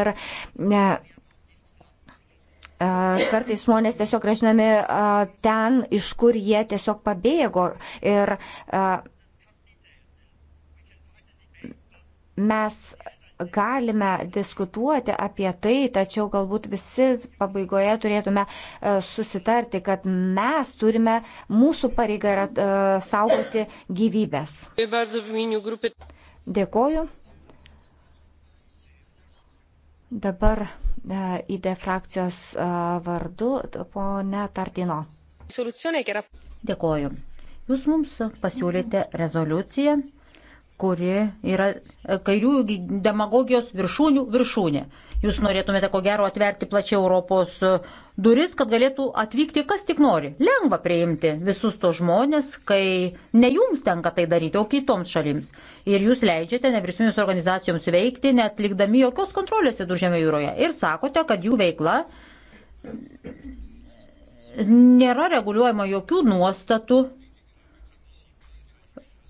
Ir ne, e, kartais žmonės tiesiog gražinami e, ten, iš kur jie tiesiog pabėgo. Ir e, mes galime diskutuoti apie tai, tačiau galbūt visi pabaigoje turėtume susitarti, kad mes turime, mūsų pareiga yra saugoti gyvybės. Dėkoju. Dabar e, ID frakcijos e, vardu ponia Tartino. Dėkoju. Jūs mums pasiūlėte rezoliuciją, kuri yra e, kairiųjų demagogijos viršūnių viršūnė. Jūs norėtumėte ko gero atverti plačiai Europos duris, kad galėtų atvykti kas tik nori. Lengva priimti visus tos žmonės, kai ne jums tenka tai daryti, o kitoms šalims. Ir jūs leidžiate nevyriausybinėms organizacijoms veikti, netlikdami jokios kontrolės viduržėmio jūroje. Ir sakote, kad jų veikla nėra reguliuojama jokių nuostatų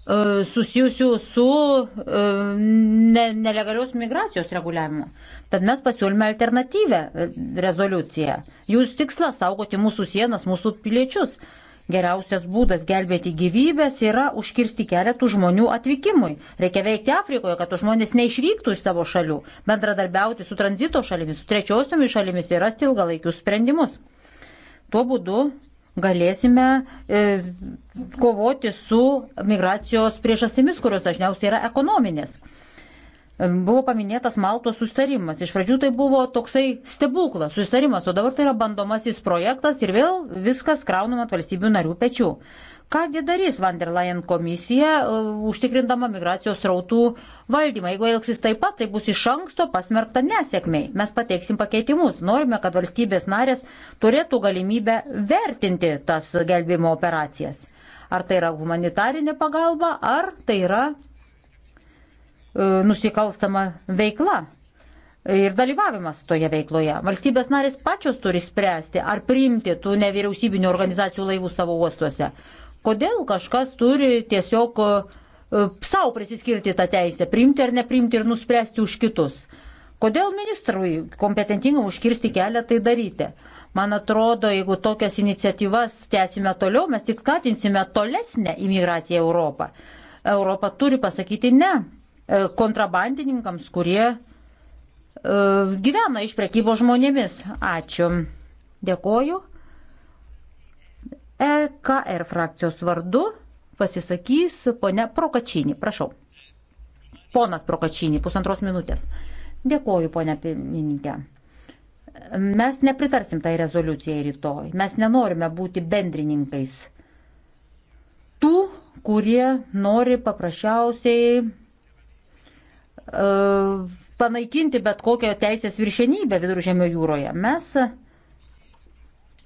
E, susijusių su e, ne, nelegalios migracijos reguliavimu. Tad mes pasiūlėme alternatyvę e, rezoliuciją. Jūs tikslas saugoti mūsų sienas, mūsų piliečius. Geriausias būdas gelbėti gyvybės yra užkirsti kelią tų žmonių atvykimui. Reikia veikti Afrikoje, kad žmonės neišvyktų iš savo šalių, bendradarbiauti su tranzito šalimis, su trečiosiomis šalimis ir rasti ilgalaikius sprendimus. Tuo būdu galėsime e, kovoti su migracijos priežastimis, kurios dažniausiai yra ekonominės. E, buvo paminėtas Maltos sustarimas. Iš pradžių tai buvo toksai stebuklas, sustarimas, o dabar tai yra bandomasis projektas ir vėl viskas kraunama ant valstybių narių pečių. Kągi darys van der Leyen komisija, uh, užtikrindama migracijos rautų valdymą. Jeigu elgsis taip pat, tai bus iš anksto pasmerkta nesėkmiai. Mes pateiksim pakeitimus. Norime, kad valstybės narės turėtų galimybę vertinti tas gelbėjimo operacijas. Ar tai yra humanitarinė pagalba, ar tai yra e, nusikalstama veikla ir dalyvavimas toje veikloje. Valstybės narės pačios turi spręsti, ar priimti tų nevyriausybinių organizacijų laivų savo uostuose. Kodėl kažkas turi tiesiog e, e, savo prisiskirti tą teisę, priimti ar neprimti ir nuspręsti už kitus? Kodėl ministrui kompetentingam užkirsti kelią tai daryti? Man atrodo, jeigu tokias iniciatyvas tęsime toliau, mes tik skatinsime tolesnę imigraciją į Europą. Europa turi pasakyti ne e, kontrabandininkams, kurie e, gyvena iš prekybo žmonėmis. Ačiū. Dėkoju. EKR frakcijos vardu pasisakys ponia Prokačinį. Prašau. Ponas Prokačinį, pusantros minutės. Dėkoju, ponia pirmininkė. Mes nepritarsim tai rezoliucijai rytoj. Mes nenorime būti bendrininkais tų, kurie nori paprasčiausiai uh, panaikinti bet kokią teisės viršenybę viduržėmio jūroje. Mes uh,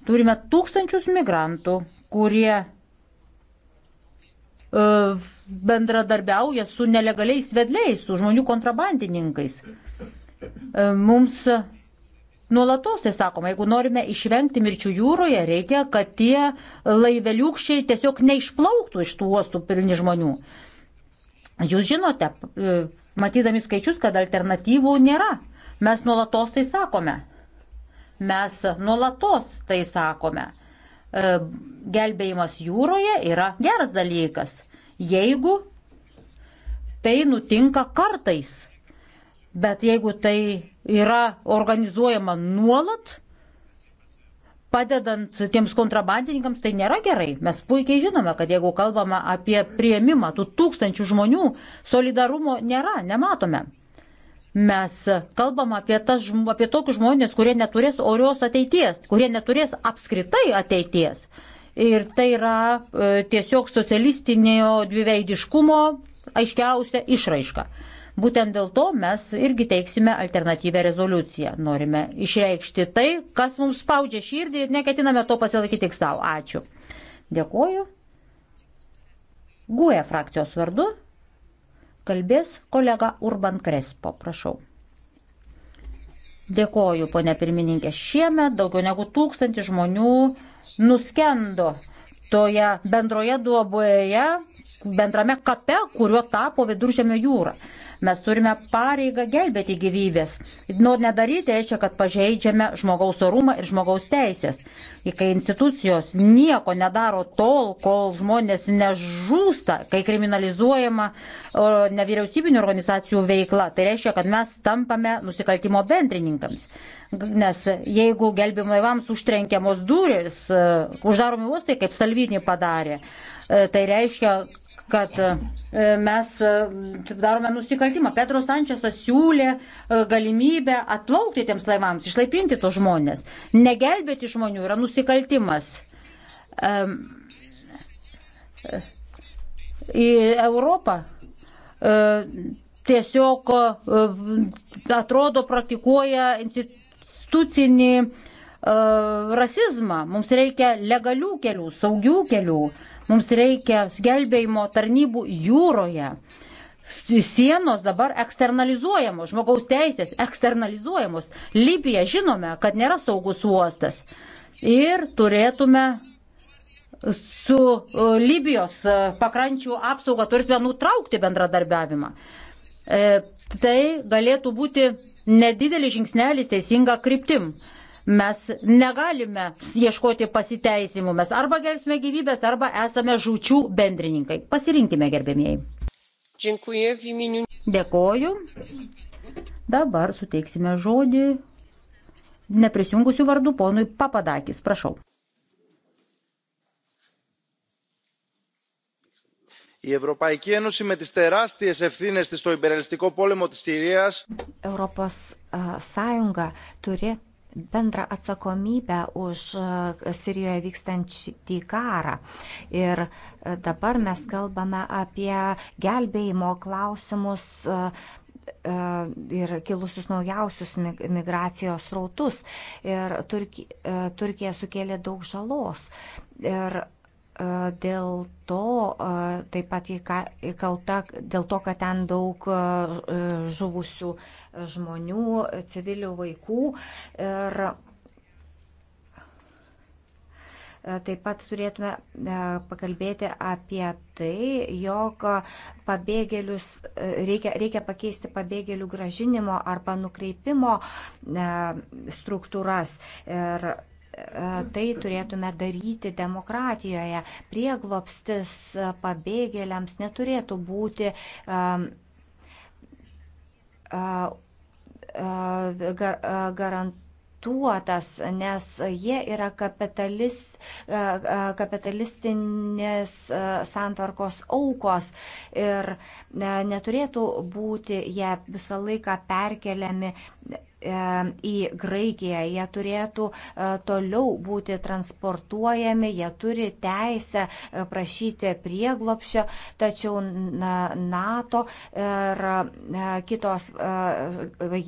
Turime tūkstančius migrantų, kurie e, bendradarbiauja su nelegaliais vedliais, su žmonių kontrabandininkais. E, mums Nuolatos tai sakoma, jeigu norime išvengti mirčių jūroje, reikia, kad tie laiveliukščiai tiesiog neišplauktų iš tų uostų pilni žmonių. Jūs žinote, e, matydami skaičius, kad alternatyvų nėra. Mes nuolatos tai sakome. Mes nuolatos tai sakome. E, gelbėjimas jūroje yra geras dalykas, jeigu tai nutinka kartais. Bet jeigu tai yra organizuojama nuolat, padedant tiems kontrabandininkams, tai nėra gerai. Mes puikiai žinome, kad jeigu kalbame apie prieimimą tų tūkstančių žmonių, solidarumo nėra, nematome. Mes kalbam apie, tas, apie tokius žmonės, kurie neturės orios ateities, kurie neturės apskritai ateities. Ir tai yra e, tiesiog socialistinio dviveidiškumo aiškiausia išraiška. Būtent dėl to mes irgi teiksime alternatyvę rezoliuciją. Norime išreikšti tai, kas mums spaudžia širdį ir neketiname to pasilaikyti tik savo. Ačiū. Dėkoju. GUE frakcijos vardu Kalbės kolega Urban Krespo, prašau. Dėkoju, ponė pirmininkė. Šiemet daugiau negu tūkstantį žmonių nuskendo toje bendroje duoboje, bendrame kape, kuriuo tapo viduržėmio jūra. Mes turime pareigą gelbėti gyvybės. Nor nu, nedaryti reiškia, kad pažeidžiame žmogaus orumą ir žmogaus teisės. Ir kai institucijos nieko nedaro tol, kol žmonės nežūsta, kai kriminalizuojama nevyriausybinio organizacijų veikla, tai reiškia, kad mes tampame nusikaltimo bendrininkams nes jeigu gelbimo laivams užtrenkiamos durys, e, uždaromi uostai, kaip Salvinį padarė, e, tai reiškia, kad e, mes darome nusikaltimą. Pedro Sančiasas siūlė galimybę atplaukti tiems laivams, išlaipinti tos žmonės. Negelbėti žmonių yra nusikaltimas. Į Europą tiesiog atrodo praktikuoja institucijų institucinį e, rasizmą, mums reikia legalių kelių, saugių kelių, mums reikia gelbėjimo tarnybų jūroje. Sienos dabar eksternalizuojamos, žmogaus teisės eksternalizuojamos. Libija žinome, kad nėra saugus uostas. Ir turėtume su e, Libijos e, pakrančių apsauga turėtume nutraukti bendradarbiavimą. E, tai galėtų būti nedidelis žingsnelis teisinga kryptim. Mes negalime ieškoti pasiteisimų, mes arba gerbsime gyvybės, arba esame žučių bendrininkai. Pasirinkime, gerbėmieji. Dėkoju. Dabar suteiksime žodį neprisijungusių vardų ponui Papadakis. Prašau. η Ευρωπαϊκή Ένωση με τις τεράστιες ευθύνες της στο υπερελιστικό πόλεμο της Συρίας Europos Sąjunga turi bendrą atsakomybę už e, Sirijoje vykstantį karą. Ir e, dabar mes kalbame apie gelbėjimo klausimus e, ir kilusius naujausius migracijos rautus. Ir Turkija sukėlė daug žalos. Ir dėl to, taip pat įkalta dėl to, kad ten daug žuvusių žmonių, civilių vaikų. Ir taip pat turėtume pakalbėti apie tai, jog pabėgėlius reikia, reikia pakeisti pabėgėlių gražinimo arba nukreipimo struktūras. Ir E, tai turėtume daryti demokratijoje. Prieglopstis e, pabėgėliams neturėtų būti e, garantuotas, nes jie yra kapitalist, kapitalistinės santvarkos aukos ir neturėtų būti jie visą laiką perkeliami E, į Graikiją. Jie turėtų e, toliau būti transportuojami, jie turi teisę e, prašyti prieglopšio, tačiau NATO ir kitos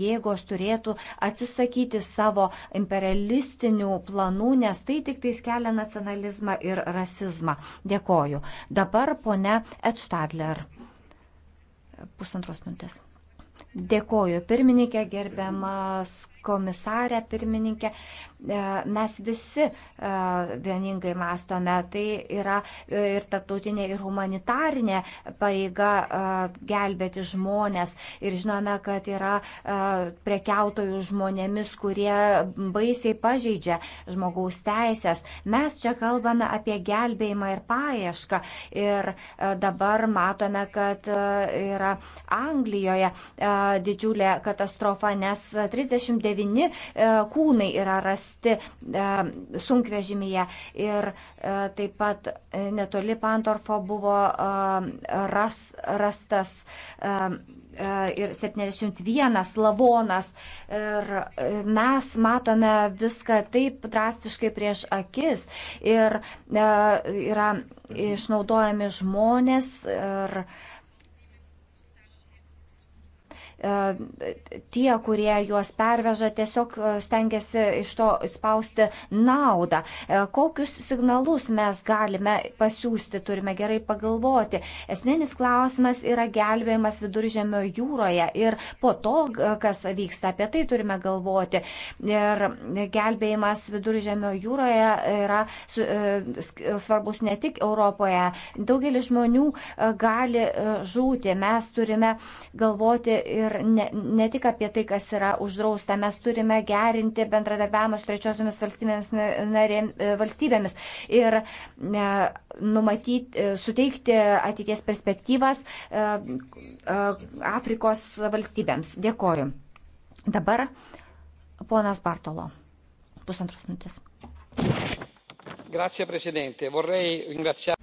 jėgos turėtų atsisakyti savo imperialistinių planų, nes tai tik tai kelia nacionalizmą ir rasizmą. Dėkoju. Dabar ponia Edstadler. Pusantros minutės. Dėkoju pirmininkė gerbiamas komisarė, pirmininkė, e, mes visi e, vieningai mastome. Tai yra e, ir tarptautinė, ir humanitarinė pareiga gelbėti žmonės. Ir žinome, kad yra prekiautojų žmonėmis, kurie baisiai pažeidžia žmogaus teisės. Mes čia kalbame apie gelbėjimą ir paiešką. Ir dabar matome, kad yra Anglijoje didžiulė katastrofa, nes 39 devyni e, kūnai yra rasti e, sunkvežimyje. Ir e, taip pat netoli Pantorfo buvo ras, rastas ir 71 lavonas. Ir mes matome viską taip drastiškai prieš akis. Ir yra išnaudojami žmonės. Ir, E, tie, kurie juos perveža, tiesiog e, stengiasi iš to spausti naudą. E, kokius signalus mes galime pasiūsti, turime gerai pagalvoti. Esminis klausimas yra gelbėjimas viduržėmio jūroje ir po to, kas vyksta, apie tai turime galvoti. Ir gelbėjimas viduržėmio jūroje yra svarbus ne tik Europoje. Daugelis žmonių gali žūti. Mes turime galvoti ir ir ne, ne tik apie tai, kas yra uždrausta, mes turime gerinti bendradarbiavimą su trečiosiomis valstybėmis, narėm, e, valstybėmis ir ne, numatyti, e, suteikti ateities perspektyvas e, Afrikos valstybėms. Dėkoju. Dabar ponas Bartolo. Pusantros minutės. Grazie Presidente, vorrei ringraziare.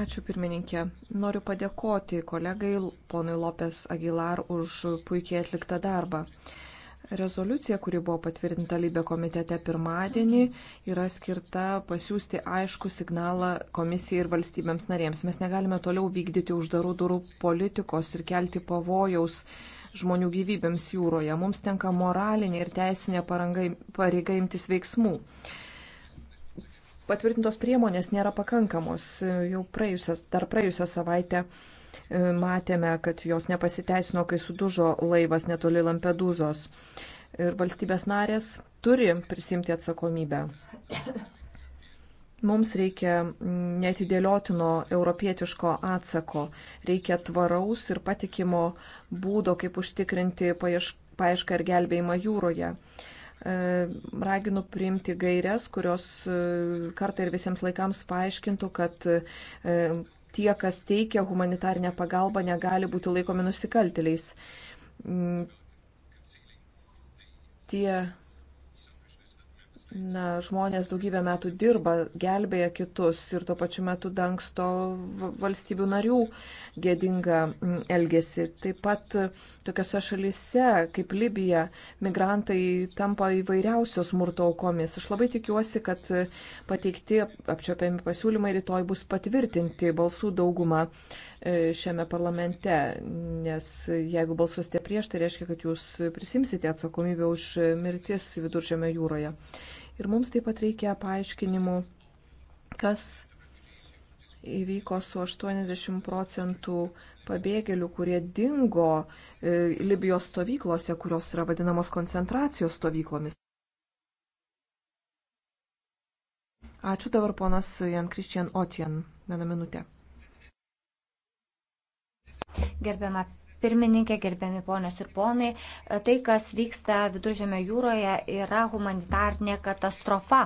Ačiū pirmininkė. Noriu padėkoti kolegai ponui Lopes Agilar už puikiai atliktą darbą. Rezoliucija, kuri buvo patvirtinta Lybė komitete pirmadienį, yra skirta pasiūsti aišku signalą komisijai ir valstybėms narėms. Mes negalime toliau vykdyti uždarų durų politikos ir kelti pavojaus žmonių gyvybėms jūroje. Mums tenka moralinė ir teisinė pareiga imtis veiksmų patvirtintos priemonės nėra pakankamos. Jau praėjusias, dar praėjusią savaitę e, matėme, kad jos nepasiteisino, kai sudužo laivas netoli Lampedūzos. Ir valstybės narės turi prisimti atsakomybę. Mums reikia netidėliotino europietiško atsako, reikia tvaraus ir patikimo būdo, kaip užtikrinti paiešką ir gelbėjimą jūroje. E, raginu priimti gairias, kurios e, kartą ir visiems laikams paaiškintų, kad e, tie, kas teikia humanitarinę pagalbą, negali būti laikomi nusikaltėliais. Mm. Tie na, žmonės daugybę metų dirba, gelbėja kitus ir tuo pačiu metu dangsto valstybių narių gėdingą mm, elgesį. Taip pat tokiose šalise kaip Libija migrantai tampa įvairiausios smurto aukomis. Aš labai tikiuosi, kad pateikti apčiopiami pasiūlymai rytoj bus patvirtinti balsų daugumą e, šiame parlamente, nes jeigu balsuosite prieš, tai reiškia, kad jūs prisimsite atsakomybę už mirtis viduržėme jūroje. Ir mums taip pat reikia paaiškinimų, kas įvyko su 80 procentų pabėgėlių, kurie dingo e, Libijos stovyklose, kurios yra vadinamos koncentracijos stovyklomis. Ačiū dabar ponas Jan Kristian Otien. Vieną minutę. Gerbiama pirmininkė, gerbiami ponios ir ponai, tai, kas vyksta Viduržėmio jūroje, yra humanitarnė katastrofa.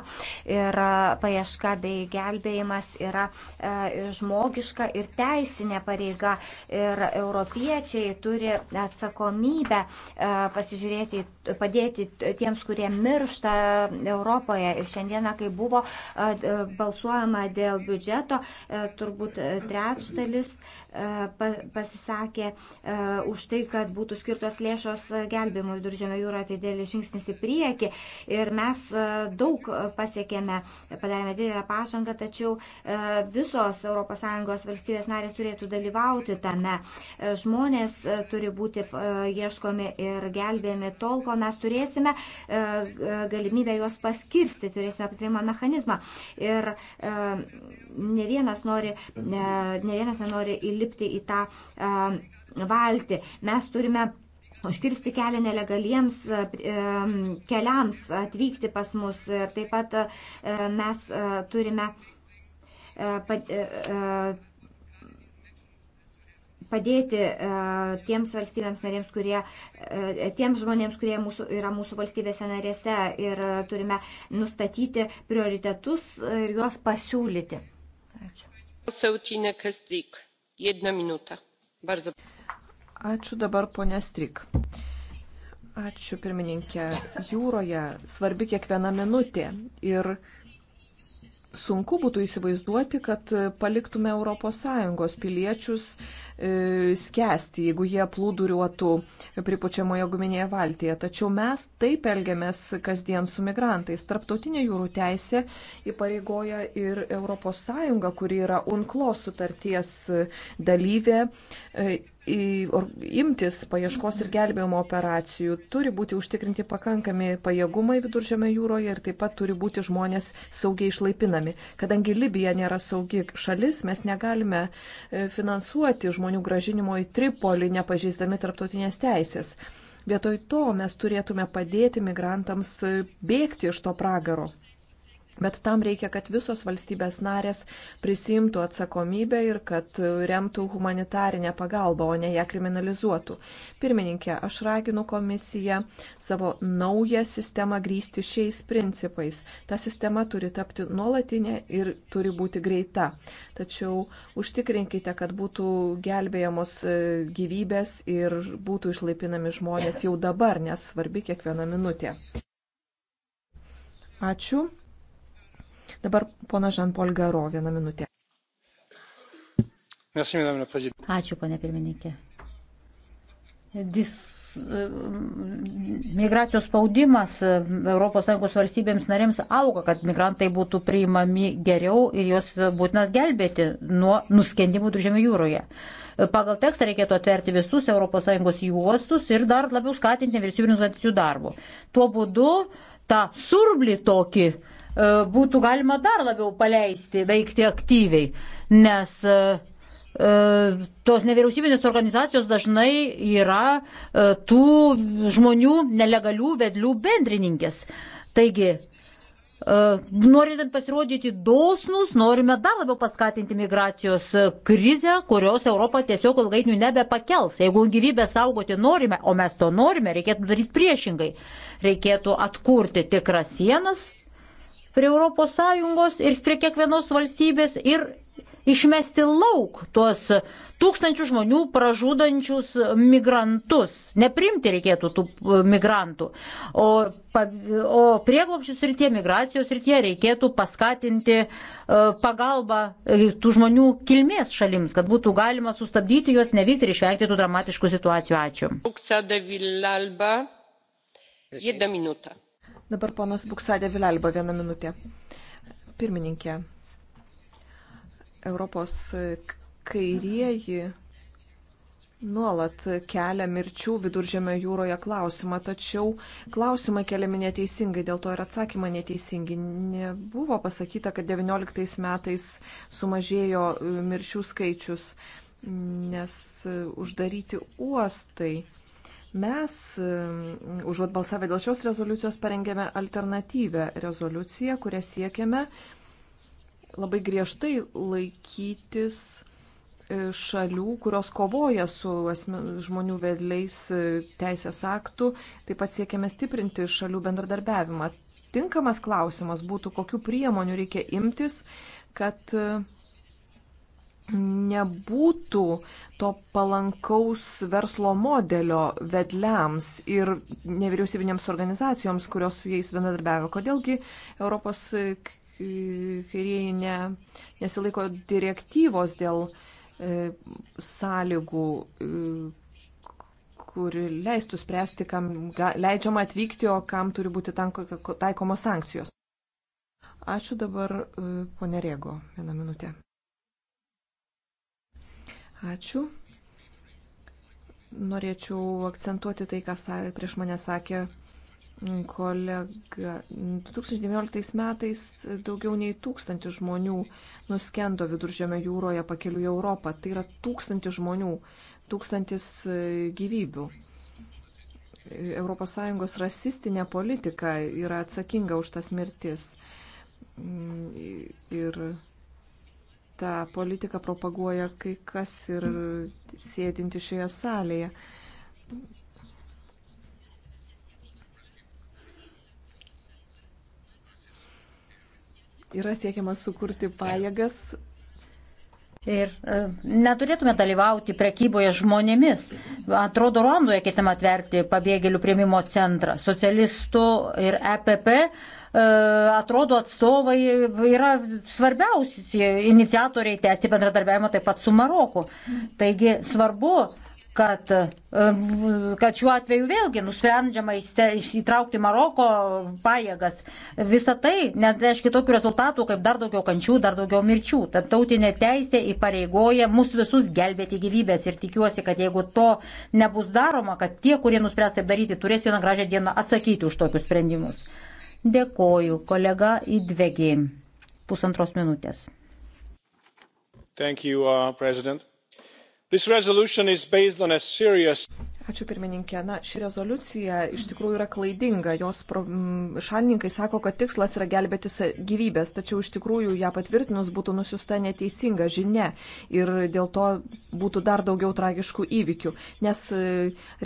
Ir e, paieška bei gelbėjimas yra e, žmogiška ir teisinė pareiga. Ir europiečiai turi atsakomybę e, pasižiūrėti, padėti tiems, kurie miršta Europoje. Ir šiandieną, kai buvo balsuojama dėl biudžeto, turbūt trečdalis pasisakė e, už tai, kad būtų skirtos lėšos gelbėjimo viduržėmio jūroje, tai dėlį žingsnis į priekį. Ir mes e, daug pasiekėme, padarėme didelę pažangą, tačiau e, visos ES valstybės narės turėtų dalyvauti tame. Žmonės turi būti ieškomi ir gelbėjami tol, kol mes turėsime galimybę juos paskirsti, turėsime patrimo mechanizmą. Ir ne vienas, nori, ne, ne vienas nenori įlipti įlipti į tą valtį. Mes turime užkirsti kelią nelegaliems keliams atvykti pas mus. Ir taip pat mes turime padėti tiems valstybėms narėms, kurie, tiems žmonėms, kurie mūsų, yra mūsų valstybėse narėse ir turime nustatyti prioritetus ir juos pasiūlyti. Ačiū. Sautinė Kastryk Ačiū dabar ponė Strik. Ačiū pirmininkė. Jūroje svarbi kiekviena minutė ir sunku būtų įsivaizduoti, kad paliktume ES piliečius E, skęsti, jeigu jie plūduriuotų pripučiamoje guminėje valtyje. Tačiau mes taip elgiamės kasdien su migrantais. Tarptautinė jūrų teisė įpareigoja ir ES, kuri yra UNCLOS sutarties dalyvė e, imtis paieškos ir gelbėjimo operacijų, turi būti užtikrinti pakankami pajėgumai viduržėme jūroje ir taip pat turi būti žmonės saugiai išlaipinami. Kadangi Libija nėra saugi šalis, mes negalime e, finansuoti žmonių žmonių gražinimo į Tripolį, nepažeisdami tarptautinės teisės. Vietoj to mes turėtume padėti migrantams bėgti iš to pragaro. Bet tam reikia, kad visos valstybės narės prisimtų atsakomybę ir kad remtų humanitarinę pagalbą, o ne ją kriminalizuotų. Pirmininkė, aš raginu komisiją savo naują sistemą grįsti šiais principais. Ta sistema turi tapti nuolatinė ir turi būti greita. Tačiau užtikrinkite, kad būtų gelbėjamos e, gyvybės ir būtų išlaipinami žmonės jau dabar, nes svarbi kiekviena minutė. Ačiū. Dabar pona Žanpol Garo vieną minutę. Ačiū, ponė pirmininkė. Dis, migracijos spaudimas ES valstybėms narėms auga, kad migrantai būtų priimami geriau ir juos būtinas gelbėti nuo nuskendimų dužėmių jūroje. E, pagal tekstą reikėtų atverti visus ES juostus ir dar labiau skatinti nevyriausybinius organizacijų darbų. Tuo būdu tą surblį tokį uh, E, būtų galima dar labiau paleisti, veikti aktyviai, nes e, e, tos nevyriausybinės organizacijos dažnai yra tų žmonių nelegalių vedlių bendrininkės. Taigi, norėdami pasirodyti dosnus, norime dar labiau paskatinti migracijos krizę, kurios Europą tiesiog ilgainiui nebepakels. Jeigu gyvybę saugoti norime, o mes to norime, reikėtų daryti priešingai. Reikėtų atkurti tikras sienas, prie ES ir prie kiekvienos valstybės ir išmesti lauk tuos tūkstančių žmonių pražudančius migrantus. Neprimti reikėtų tų e, migrantų. O, o prieglopščius ir tie migracijos ir tie reikėtų paskatinti e, pagalbą e, tų žmonių kilmės šalims, kad būtų galima sustabdyti juos, nevykti ir išvengti tų dramatiškų situacijų. Ačiū. Vieną minutę Dabar ponas Buksadė Vilelba vieną minutę. Pirmininkė, Europos kairieji nuolat kelia mirčių viduržėmio jūroje klausimą, tačiau klausimai keliami neteisingai, dėl to ir atsakymai neteisingi. Nebuvo pasakyta, kad 19 metais sumažėjo e, mirčių skaičius, nes e, uždaryti uostai Mes, užuot balsavę dėl šios rezoliucijos, parengėme alternatyvę rezoliuciją, kurią siekiame labai griežtai laikytis e, šalių, kurios kovoja su žmonių vedliais e, teisės aktų. Taip pat siekiame stiprinti šalių bendradarbiavimą. Tinkamas klausimas būtų, kokiu priemoniu reikia imtis, kad nebūtų to palankaus verslo modelio vedliams ir nevyriausybinėms organizacijoms, kurios su jais bendradarbiavo. Kodėlgi Europos kairieji ne, nesilaiko direktyvos dėl e, sąlygų, e, kuri leistų spręsti, kam ga, leidžiama atvykti, o kam turi būti taikomos sankcijos. Ačiū dabar, e, ponė Rėgo, vieną minutę. Ačiū. Norėčiau akcentuoti tai, ką prieš mane sakė kolega. 2019 metais daugiau nei tūkstantis žmonių nuskendo viduržėme jūroje pakeliu į Europą. Tai yra tūkstantis žmonių, tūkstantis gyvybių. ES rasistinė politika yra atsakinga už tas mirtis. Mm, ir tą politiką propaguoja kai kas ir sėdinti šioje salėje. Yra siekiama sukurti pajėgas Ir e, neturėtume dalyvauti prekyboje žmonėmis. Atrodo, Ruandoje ketinama atverti pabėgėlių prieimimo centrą. Socialistų ir EPP e, atrodo atstovai yra svarbiausi iniciatoriai tęsti bendradarbiavimą taip pat su Maroku. Taigi svarbu kad, kad šiuo atveju vėlgi nusprendžiama įtraukti Maroko pajėgas. Visą tai nereiškia tokių rezultatų, kaip dar daugiau kančių, dar daugiau mirčių. Tarptautinė teisė įpareigoja mus visus gelbėti gyvybės ir tikiuosi, kad jeigu to nebus daroma, kad tie, kurie nuspręs taip daryti, turės vieną gražią dieną atsakyti už tokius sprendimus. Dėkoju, kolega Idvegi. Pusantros minutės. Thank you, uh, President this resolution is based on a serious. Ačiū pirmininkė. Na, ši rezoliucija iš tikrųjų yra klaidinga. Jos pro, m, mm, šalininkai sako, kad tikslas yra gelbėti gyvybės, tačiau iš tikrųjų ją patvirtinus būtų nusiusta neteisinga žinia ir dėl to būtų dar daugiau tragiškų įvykių. Nes e,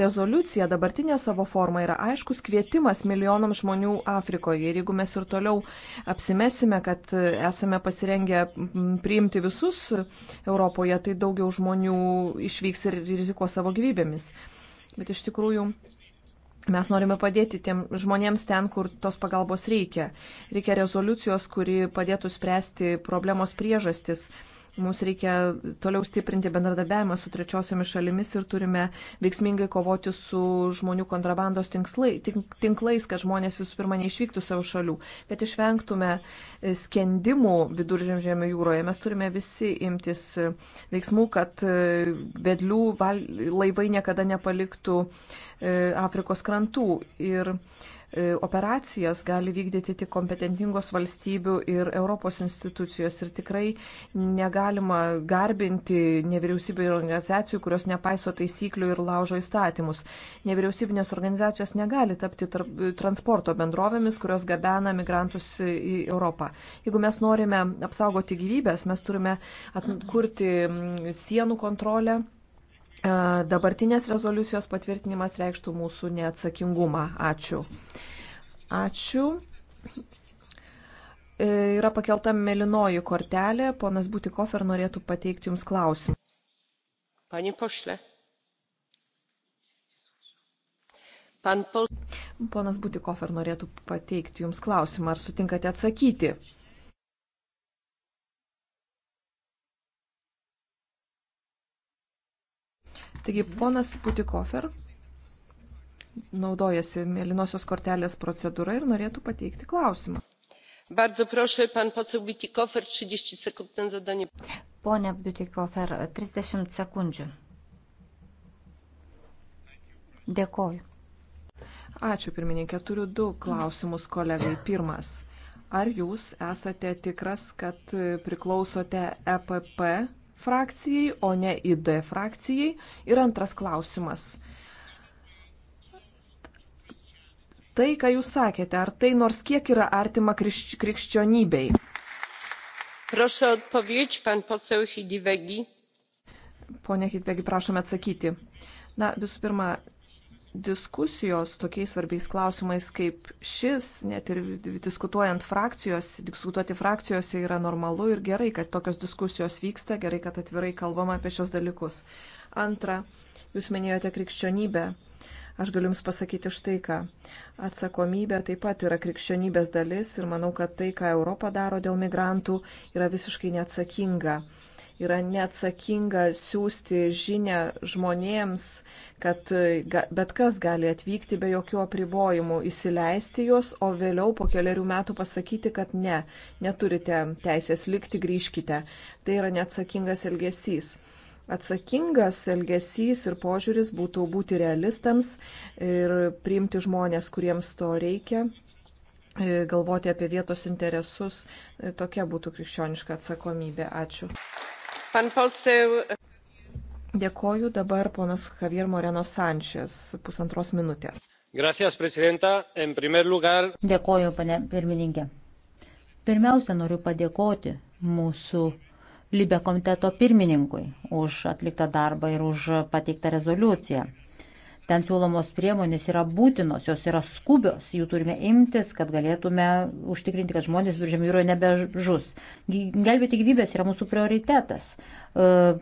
rezoliucija dabartinė savo forma yra aiškus kvietimas milijonam žmonių Afrikoje. Ir jeigu mes ir toliau apsimesime, kad e, esame pasirengę priimti visus Europoje, tai daugiau žmonių išvyks ir riziko savo gyvybėmis bet iš tikrųjų mes norime padėti tiem žmonėms ten, kur tos pagalbos reikia. Reikia rezoliucijos, kuri padėtų spręsti problemos priežastis Mums reikia toliau stiprinti bendradarbiavimą su trečiosiomis šalimis ir turime veiksmingai kovoti su žmonių kontrabandos tinklai, tink, tinklais, kad žmonės visų pirma neišvyktų savo šalių. Kad išvengtume skendimų viduržėmžėmio jūroje, mes turime visi imtis veiksmų, kad e, vedlių laivai niekada nepaliktų e, Afrikos krantų. Ir E, operacijas gali vykdyti tik kompetentingos valstybių ir Europos institucijos. Ir tikrai negalima garbinti nevyriausybinių organizacijų, kurios nepaiso taisyklių ir laužo įstatymus. Nevyriausybinės organizacijos negali tapti tarp, transporto bendrovėmis, kurios gabena migrantus į Europą. Jeigu mes norime apsaugoti gyvybės, mes turime atkurti sienų kontrolę E, dabartinės rezoliucijos patvirtinimas reikštų mūsų neatsakingumą. Ačiū. Ačiū. E, yra pakelta melinoji kortelė. Ponas Butikofer norėtų pateikti Jums klausimą. Pani pošle. Pan pol... Ponas Butikofer norėtų pateikti Jums klausimą, ar sutinkate atsakyti. Taigi, ponas Putikofer naudojasi mėlynosios kortelės procedūra ir norėtų pateikti klausimą. Bardzo proszę, pan poseł Bitikofer, 30 sekund na zadanie. Pone Bitikofer, 30 sekundžių. Dėkoju. Ačiū, pirmininkė. Turiu du klausimus kolegai. Pirmas. Ar jūs esate tikras, kad priklausote EPP frakcijai, o ne ID frakcijai. Ir antras klausimas. Tai, ką jūs sakėte, ar tai nors kiek yra artima krikščionybei? Prašau atpovėdž, pan poseu Hidivegi. Pone Hidvegi, prašome atsakyti. Na, visų pirma, diskusijos tokiais svarbiais klausimais kaip šis, net ir diskutuojant frakcijose, diskutuoti frakcijose yra normalu ir gerai, kad tokios diskusijos vyksta, gerai, kad atvirai kalbama apie šios dalykus. Antra, jūs minėjote krikščionybę. Aš galiu Jums pasakyti štai ką. Atsakomybė taip pat yra krikščionybės dalis ir manau, kad tai, ką Europa daro dėl migrantų, yra visiškai neatsakinga yra neatsakinga siūsti žinę žmonėms, kad bet kas gali atvykti be jokių apribojimų, įsileisti juos, o vėliau po keliarių metų pasakyti, kad ne, neturite teisės likti, grįžkite. Tai yra neatsakingas elgesys. Atsakingas elgesys ir požiūris būtų būti realistams ir priimti žmonės, kuriems to reikia, e, galvoti apie vietos interesus. E, tokia būtų krikščioniška atsakomybė. Ačiū. Dėkoju dabar ponas Javier Moreno Sančias, pusantros minutės. Gracias, lugar... Dėkoju, pane pirmininkė. Pirmiausia, noriu padėkoti mūsų Libė komiteto pirmininkui už atliktą darbą ir už pateiktą rezoliuciją. Ten siūlomos priemonės yra būtinos, jos yra skubios, jų turime imtis, kad galėtume užtikrinti, kad žmonės viržėm jūroje nebežus. Gelbėti gyvybės yra mūsų prioritetas. E,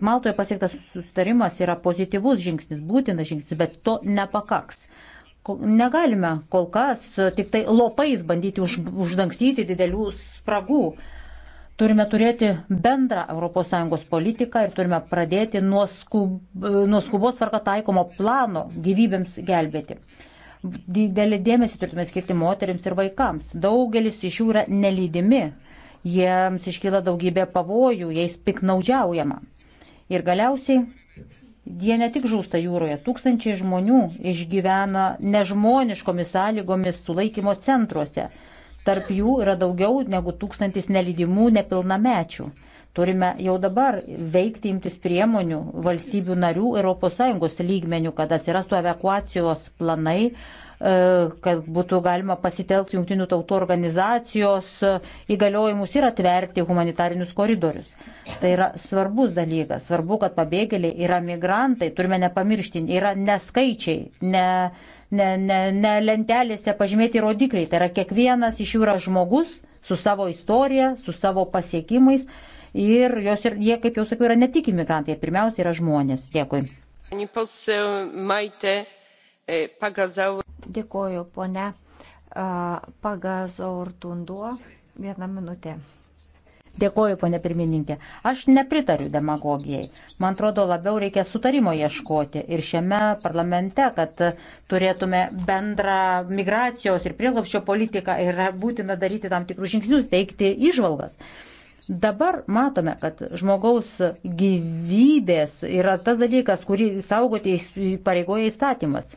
Maltoje pasiektas sustarimas yra pozityvus žingsnis, būtinas žingsnis, bet to nepakaks negalime kol kas e, tik tai lopais bandyti už, uždangstyti didelių spragų. Turime turėti bendrą ES politiką ir turime pradėti nuo, skub, nuo skubos tvarka taikomo plano gyvybėms gelbėti. Didelį dėmesį turime skirti moteriams ir vaikams. Daugelis iš jų yra nelydimi, jiems iškyla daugybė pavojų, jais piknaudžiaujama. Ir galiausiai jie ne tik žūsta jūroje, tūkstančiai žmonių išgyvena nežmoniškomis sąlygomis sulaikymo centruose. Tarp jų yra daugiau negu tūkstantis nelydimų nepilnamečių. Turime jau dabar veikti imtis priemonių valstybių narių ES lygmenių, kad atsirastų evakuacijos planai, e, kad būtų galima pasitelkti jungtinių tautų organizacijos e, įgaliojimus ir atverti humanitarinius koridorius. Tai yra svarbus dalykas. Svarbu, kad pabėgėliai yra migrantai, turime nepamiršti, yra neskaičiai, ne skaičiai, ne ne, ne, ne lentelėse pažymėti rodikliai. Tai yra kiekvienas iš jų yra žmogus su savo istorija, su savo pasiekimais ir, jos, ir jie, kaip jau sakiau, yra ne tik imigrantai, jie pirmiausia yra žmonės. Dėkui. E, Dėkoju, ponia Pagazaurtunduo. Vieną minutę. Dėkoju, ponė pirmininkė. Aš nepritariu demagogijai. Man atrodo, labiau reikia sutarimo ieškoti ir šiame parlamente, kad turėtume bendrą migracijos ir prieglopščio politiką ir būtina daryti tam tikrus žingsnius, teikti išvalgas. Dabar matome, kad žmogaus gyvybės yra tas dalykas, kurį saugoti pareigoja įstatymas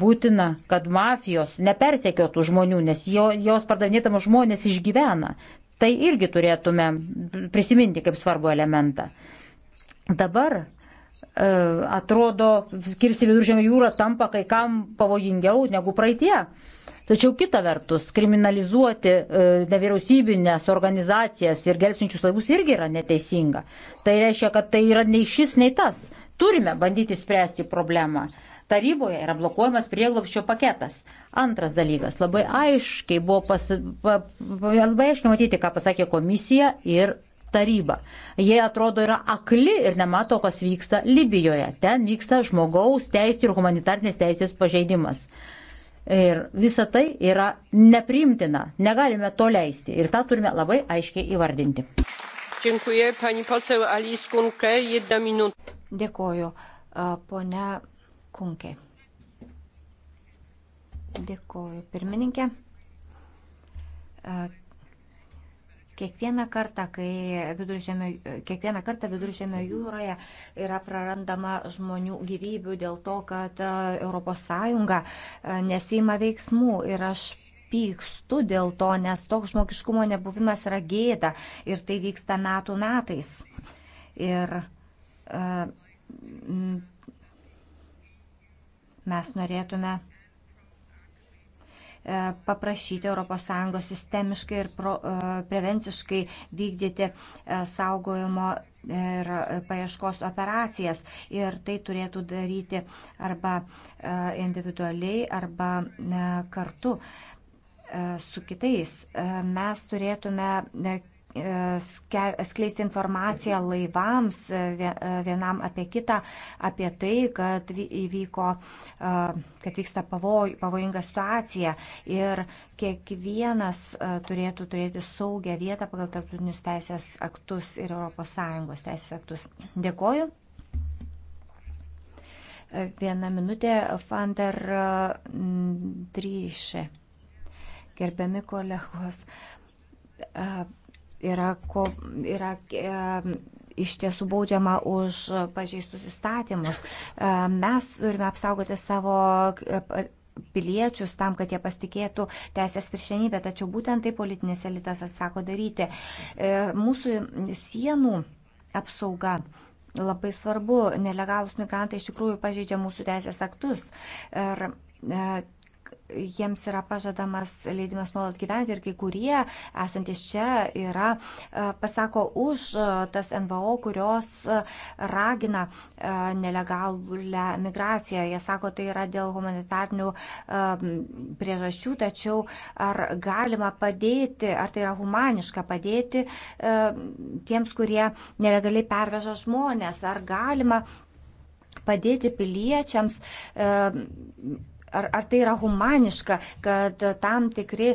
būtina, kad mafijos nepersekiotų žmonių, nes jo, jos pardavinėtama žmonės išgyvena. Tai irgi turėtume prisiminti kaip svarbu elementą. Dabar e, atrodo, kirsti viduržėmio jūrą tampa kai kam pavojingiau negu praeitie. Tačiau kita vertus, kriminalizuoti e, nevyriausybinės organizacijas ir gelbsinčius laivus irgi yra neteisinga. Tai reiškia, kad tai yra nei šis, nei tas. Turime bandyti spręsti problemą taryboje yra blokuojamas prieglopščio paketas. Antras dalykas, labai aiškiai buvo pas, pa, pa, labai aiškiai matyti, ką pasakė komisija ir taryba. Jie atrodo yra akli ir nemato, kas vyksta Libijoje. Ten vyksta žmogaus teisų ir humanitarnės teisės pažeidimas. Ir visa tai yra nepriimtina, negalime to leisti ir tą turime labai aiškiai įvardinti. Dziękuję, pani poseł Alice Kunke, jedna minuta. Dėkoju. Pone Kunkė. Dėkuoju, pirmininkė. Kiekvieną kartą, kai viduržėmio, kiekvieną kartą viduržėmio jūroje yra prarandama žmonių gyvybių dėl to, kad ES nesima veiksmų ir aš pykstu dėl to, nes toks žmogiškumo nebuvimas yra gėda ir tai vyksta metų metais. Ir, uh, Mes norėtume e, paprašyti ES sistemiškai ir pro, e, prevenciškai vykdyti e, saugojimo ir paieškos operacijas. Ir tai turėtų daryti arba individualiai, arba kartu su kitais. Mes turėtume E, skleisti informaciją laivams e, e, vienam apie kitą, apie tai, kad įvyko, kad vyksta pavoj, pavojinga situacija ir kiekvienas turėtų turėti saugią vietą pagal tarptautinius teisės aktus ir ES teisės aktus. Dėkoju. Viena minutė, Fander Dryšė. Gerbiami kolegos, yra, ko, yra e, iš tiesų baudžiama už pažeistus įstatymus. E, mes turime apsaugoti savo e, piliečius tam, kad jie pasitikėtų teisės viršenybę, tačiau būtent tai politinis elitas atsako daryti. E, mūsų sienų apsauga labai svarbu, nelegalus migrantai iš tikrųjų pažeidžia mūsų teisės aktus. Ir, e, jiems yra pažadamas leidimas nuolat gyventi ir kai kurie esantis čia yra, e, pasako už e, tas NVO, kurios e, ragina nelegalę migraciją. Jie sako, tai yra dėl humanitarnių priežasčių, tačiau ar galima padėti, ar tai yra humaniška padėti tiems, kurie nelegaliai perveža žmonės, ar galima padėti piliečiams ar, ar tai yra humaniška, kad tam tikri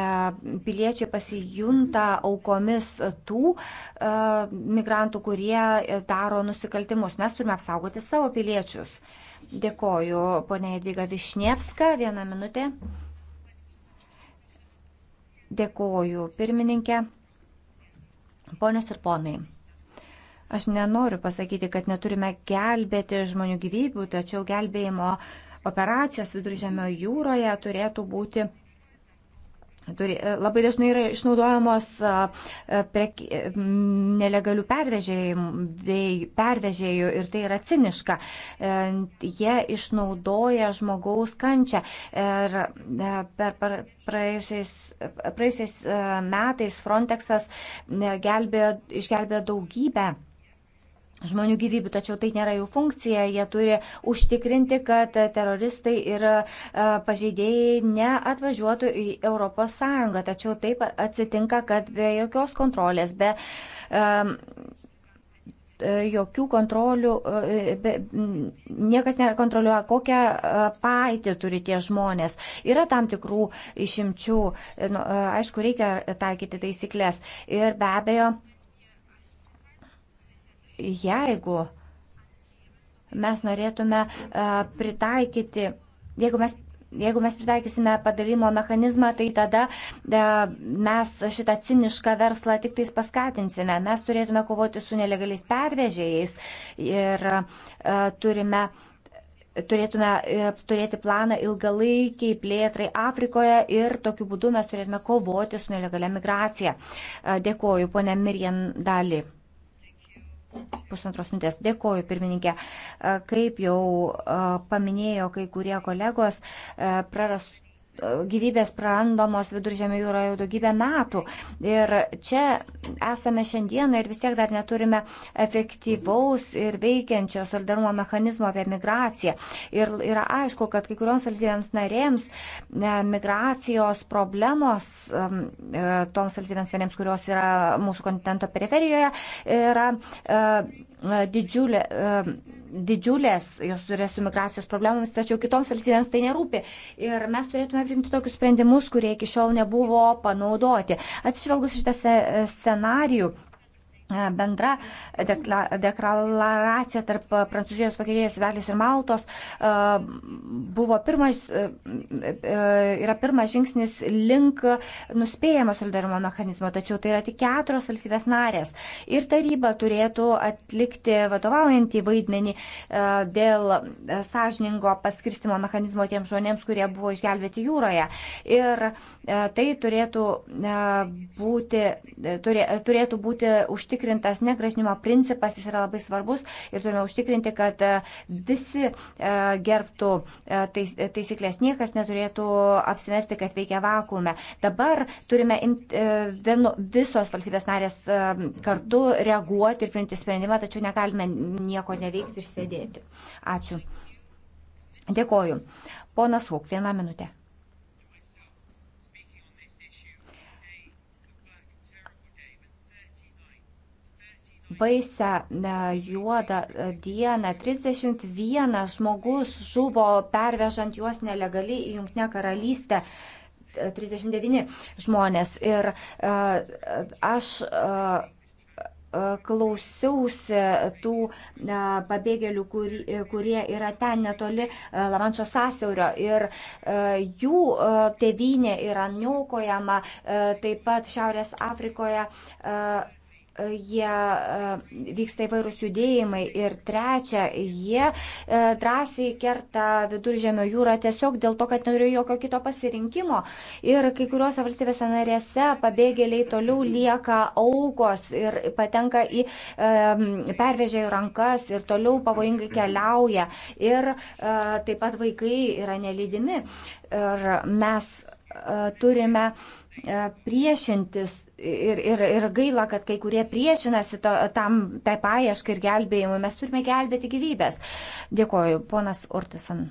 e, piliečiai pasijunta aukomis tų e, migrantų, kurie daro nusikaltimus. Mes turime apsaugoti savo piliečius. Dėkoju, ponė Edviga Višnievska, vieną minutę. Dėkoju, pirmininkė. Ponios ir ponai. Aš nenoriu pasakyti, kad neturime gelbėti žmonių gyvybių, tačiau gelbėjimo uh, operacijos viduržėmio jūroje turėtų būti Turi, e, labai dažnai yra išnaudojamos e, e, prek, nelegalių pervežėjų ir tai yra ciniška. Jie išnaudoja žmogaus kančią. Ir per, per praėjusiais, praėjusiais metais Frontexas gelbėjo, išgelbėjo daugybę žmonių gyvybių, tačiau tai nėra jų funkcija. Jie turi užtikrinti, kad teroristai ir e, pažeidėjai neatvažiuotų į ES. Tačiau taip atsitinka, kad be jokios kontrolės, be um, jokių kontrolių, be, niekas nekontroliuoja, kokią paitį turi tie žmonės. Yra tam tikrų išimčių, nu, aišku, reikia taikyti taisyklės ir be abejo, jeigu mes norėtume e, pritaikyti, jeigu mes jeigu mes pritaikysime padalimo mechanizmą, tai tada e, mes šitą cinišką verslą tik tais paskatinsime. Mes turėtume kovoti su nelegaliais pervežėjais ir e, turime. Turėtume turėti planą ilgalaikiai plėtrai Afrikoje ir tokiu būdu mes turėtume kovoti su nelegalia migracija. Dėkoju, ponė Mirjan Dali pusantros minutės. Dėkoju, pirmininkė. Kaip jau paminėjo kai kurie kolegos, prarastų gyvybės prarandomos viduržėmio jūroje jau daugybę metų. Ir čia esame šiandieną ir vis tiek dar neturime efektyvaus ir veikiančio solidarumo mechanizmo apie migraciją. Ir yra aišku, kad kai kurioms valstybėms narėms migracijos problemos um, e, toms valstybėms narėms, kurios yra mūsų kontinento periferijoje, yra e, E, didžiulė, e, didžiulės, jos turės su migracijos problemomis, tačiau kitoms valstybėms tai nerūpi. Ir mes turėtume priimti tokius sprendimus, kurie iki šiol nebuvo panaudoti. Atsižvelgus šitą scenarijų bendra deklaracija tarp Prancūzijos, Vokietijos, Italijos ir Maltos e, buvo pirmas, e, e, yra pirmas žingsnis link nuspėjamo solidarumo mechanizmo, tačiau tai yra tik keturios valstybės narės. Ir taryba turėtų atlikti vadovaujantį vaidmenį dėl sąžiningo paskirstimo mechanizmo tiems žmonėms, kurie buvo išgelbėti jūroje. Ir tai turėtų būti, turė, turėtų būti užtikrinti užtikrintas negražinimo principas, jis yra labai svarbus ir turime užtikrinti, kad e, visi e, gerbtų e, taisyklės, niekas neturėtų apsimesti, kad veikia vakume. Dabar turime imti vienu, visos valstybės narės kartu reaguoti ir priimti sprendimą, tačiau negalime nieko neveikti ir sėdėti. Ačiū. Dėkoju. Ponas Huk, vieną minutę. baisę e, juodą e, dieną. 31 žmogus žuvo pervežant juos nelegaliai į Junktinę karalystę. 39 e, žmonės. Ir aš klausiausi tų pabėgėlių, kur, kurie yra ten netoli Lamančio sąsiaurio ir jų tevinė yra niokojama, taip pat Šiaurės Afrikoje jie e, vyksta įvairūs judėjimai ir trečia, jie e, drąsiai kerta viduržėmio jūrą tiesiog dėl to, kad neturi jokio kito pasirinkimo. Ir kai kuriuose valstybėse narėse pabėgėliai toliau lieka aukos ir patenka į e, pervežėjų rankas ir toliau pavojingai keliauja. Ir taip pat vaikai yra nelydimi. Ir mes turime uh, E, priešintis ir, ir, ir gaila, kad kai kurie priešinasi to, tam, tai paieškai ir gelbėjimui. Mes turime gelbėti gyvybės. Dėkoju, ponas Urtisan.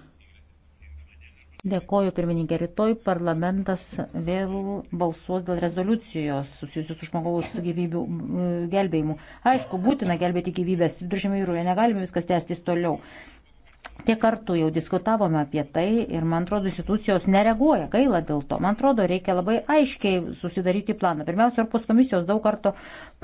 Dėkoju, pirmininkė. Rytoj parlamentas vėl balsuos dėl rezoliucijos susijusios su žmogaus gyvybių e, gelbėjimu. Aišku, būtina gelbėti gyvybės. Viduržėmio jūroje negalime viskas tęstis toliau. Tiek kartų jau diskutavome apie tai ir, man atrodo, institucijos nereaguoja, gaila dėl to. Man atrodo, reikia labai aiškiai susidaryti planą. Pirmiausia, Europos komisijos daug kartų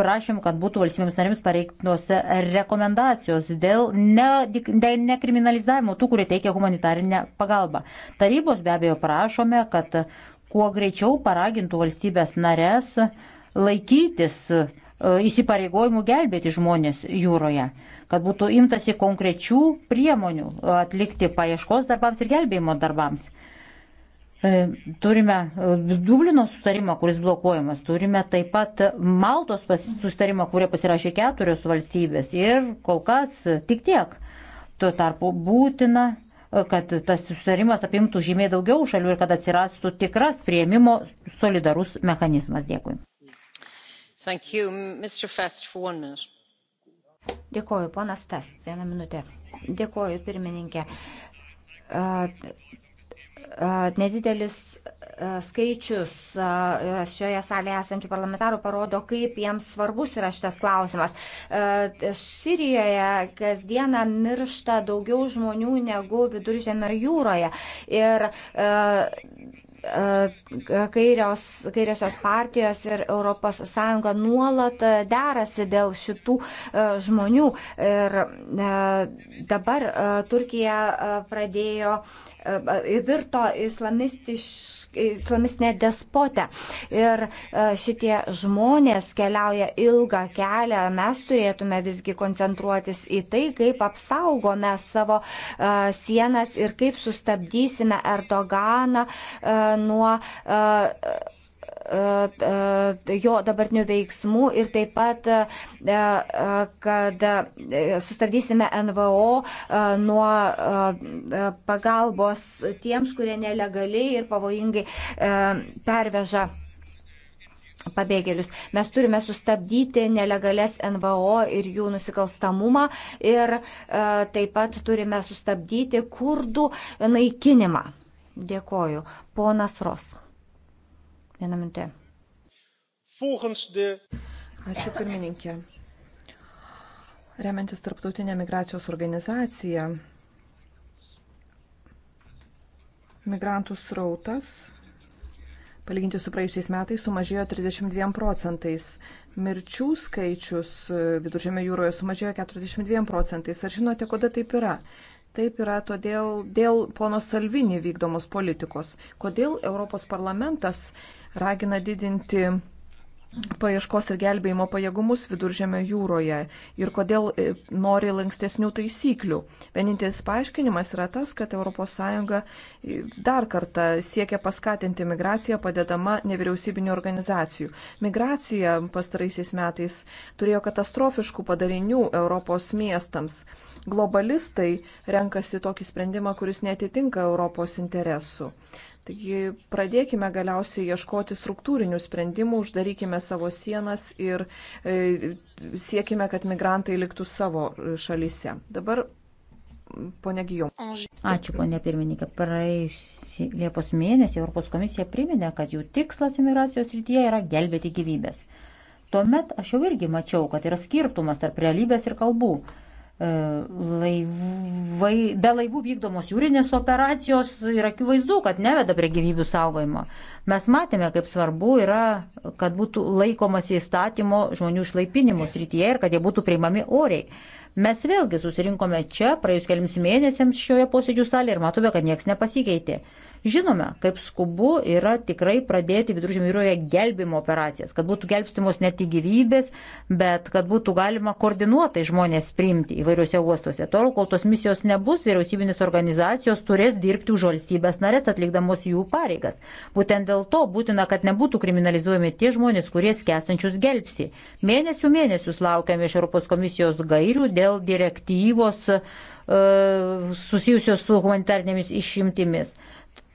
prašym, kad būtų valstybėms narėms pareiktos rekomendacijos dėl nekriminalizavimo ne, ne tų, kurie teikia humanitarinę pagalbą. Tarybos be abejo prašome, kad kuo greičiau paragintų valstybės narės laikytis E, įsipareigojimų gelbėti žmonės jūroje, kad būtų imtasi konkrečių priemonių e, atlikti paieškos darbams ir gelbėjimo darbams. E, turime Dublino sustarimą, kuris blokuojamas, turime taip pat Maltos sustarimą, kurį pasirašė keturios valstybės ir kol kas tik tiek. Tuo tarpu būtina kad tas susitarimas apimtų žymiai daugiau šalių ir kad atsirastų tikras prieimimo solidarus mechanizmas. Dėkui. Dėkoju, ponas Tas, vieną minutę. Dėkoju, pirmininkė. Nedidelis skaičius šioje salėje esančių parlamentarų parodo, kaip jiems svarbus yra šitas klausimas. Sirijoje kasdieną miršta daugiau žmonių negu viduržėmio jūroje. Ir E, kairios, kairiosios partijos ir ES nuolat e, derasi dėl šitų e, žmonių. Ir dabar Turkija pradėjo virto islamistinę despotę. Ir šitie žmonės keliauja ilgą kelią. Mes turėtume visgi koncentruotis į tai, kaip apsaugome savo sienas ir kaip sustabdysime Erdoganą nuo jo dabartinių veiksmų ir taip pat, kad sustabdysime NVO nuo pagalbos tiems, kurie nelegaliai ir pavojingai perveža. Pabėgėlius. Mes turime sustabdyti nelegales NVO ir jų nusikalstamumą ir e, taip pat turime sustabdyti kurdų naikinimą. Dėkoju. Ponas Ros. Vieną minutę. Ačiū pirmininkė. Remiantis Tarptautinė migracijos organizacija, migrantų srautas palyginti su praėjusiais metais sumažėjo 32 procentais. Mirčių skaičius viduržėme jūroje sumažėjo 42 procentais. Ar žinote, kodėl taip yra? Taip yra todėl dėl pono Salvini vykdomos politikos. Kodėl Europos parlamentas ragina didinti paieškos ir gelbėjimo pajėgumus viduržėmio jūroje ir kodėl e, nori lankstesnių taisyklių. Vienintelis paaiškinimas yra tas, kad ES e, dar kartą siekia paskatinti migraciją padedama nevyriausybinio organizacijų. Migracija pastaraisiais metais turėjo katastrofiškų padarinių Europos miestams globalistai renkasi tokį sprendimą, kuris netitinka Europos interesų. Taigi pradėkime galiausiai ieškoti struktūrinių sprendimų, uždarykime savo sienas ir e, siekime, kad migrantai liktų savo šalyse. Dabar, ponė Gijom. Ačiū, ponė pirmininkė. Praėjusį Liepos mėnesį Europos komisija priminė, kad jų tikslas imigracijos rytyje yra gelbėti gyvybės. Tuomet aš jau irgi mačiau, kad yra skirtumas tarp realybės ir kalbų. E, laivai, be laivų vykdomos jūrinės operacijos yra akivaizdu, kad neveda prie gyvybių saugojimo. Mes matėme, kaip svarbu yra, kad būtų laikomasi įstatymo žmonių išlaipinimo srityje ir kad jie būtų priimami oriai. Mes vėlgi susirinkome čia praėjus keliams mėnesiams šioje posėdžių salėje ir matome, kad niekas nepasikeitė. Žinome, kaip skubu yra tikrai pradėti viduržėmio jūroje gelbimo operacijas, kad būtų gelbstimos ne tik gyvybės, bet kad būtų galima koordinuotai žmonės priimti įvairiuose uostuose. Tol, kol tos misijos nebus, vyriausybinės organizacijos turės dirbti už valstybės narės, atlikdamos jų pareigas. Būtent dėl to būtina, kad nebūtų kriminalizuojami tie žmonės, kurie skęstančius gelbsti. Mėnesių mėnesius laukiame iš Europos komisijos gairių dėl direktyvos e, susijusios su humanitarnėmis išimtimis.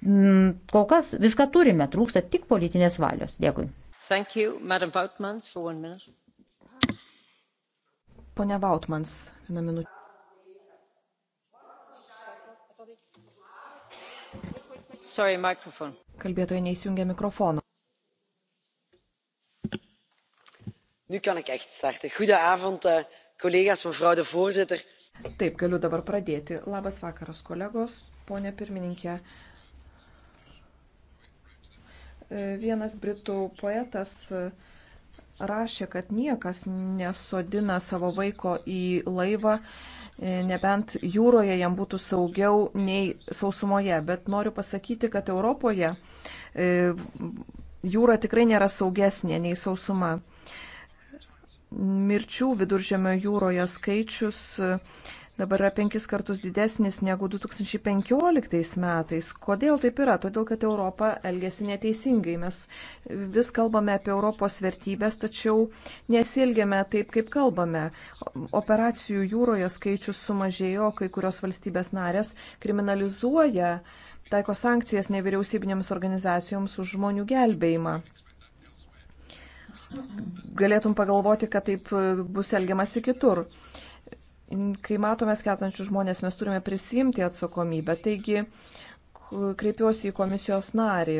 Mm, kol kas viską turime, trūksta tik politinės valios. Dėkui. Thank you, Madam Vautmans, for one minute. Pone Vautmans, vieną minutę. Sorry, microphone. Kalbėtoja neįsijungia mikrofono. Nu kan ik echt starten. Goedenavond, eh, collega's, mevrouw de voorzitter. Taip, galiu dabar pradėti. Labas vakaras, kolegos, ponė pirmininkė. Vienas britų poetas e, rašė, kad niekas nesodina savo vaiko į laivą, e, nebent jūroje jam būtų saugiau nei sausumoje. Bet noriu pasakyti, kad Europoje e, jūra tikrai nėra saugesnė nei sausuma. Mirčių viduržėmio jūroje skaičius dabar yra penkis kartus didesnis negu 2015 metais. Kodėl taip yra? Todėl, kad Europa elgesi neteisingai. Mes vis kalbame apie Europos vertybės, tačiau nesilgiame taip, kaip kalbame. Operacijų jūroje skaičius sumažėjo, kai kurios valstybės narės kriminalizuoja, taiko sankcijas nevyriausybinėms organizacijoms už žmonių gelbėjimą galėtum pagalvoti, kad taip bus elgiamasi kitur kai matome sketančių žmonės, mes turime prisimti atsakomybę. Taigi, kreipiuosi į komisijos narį.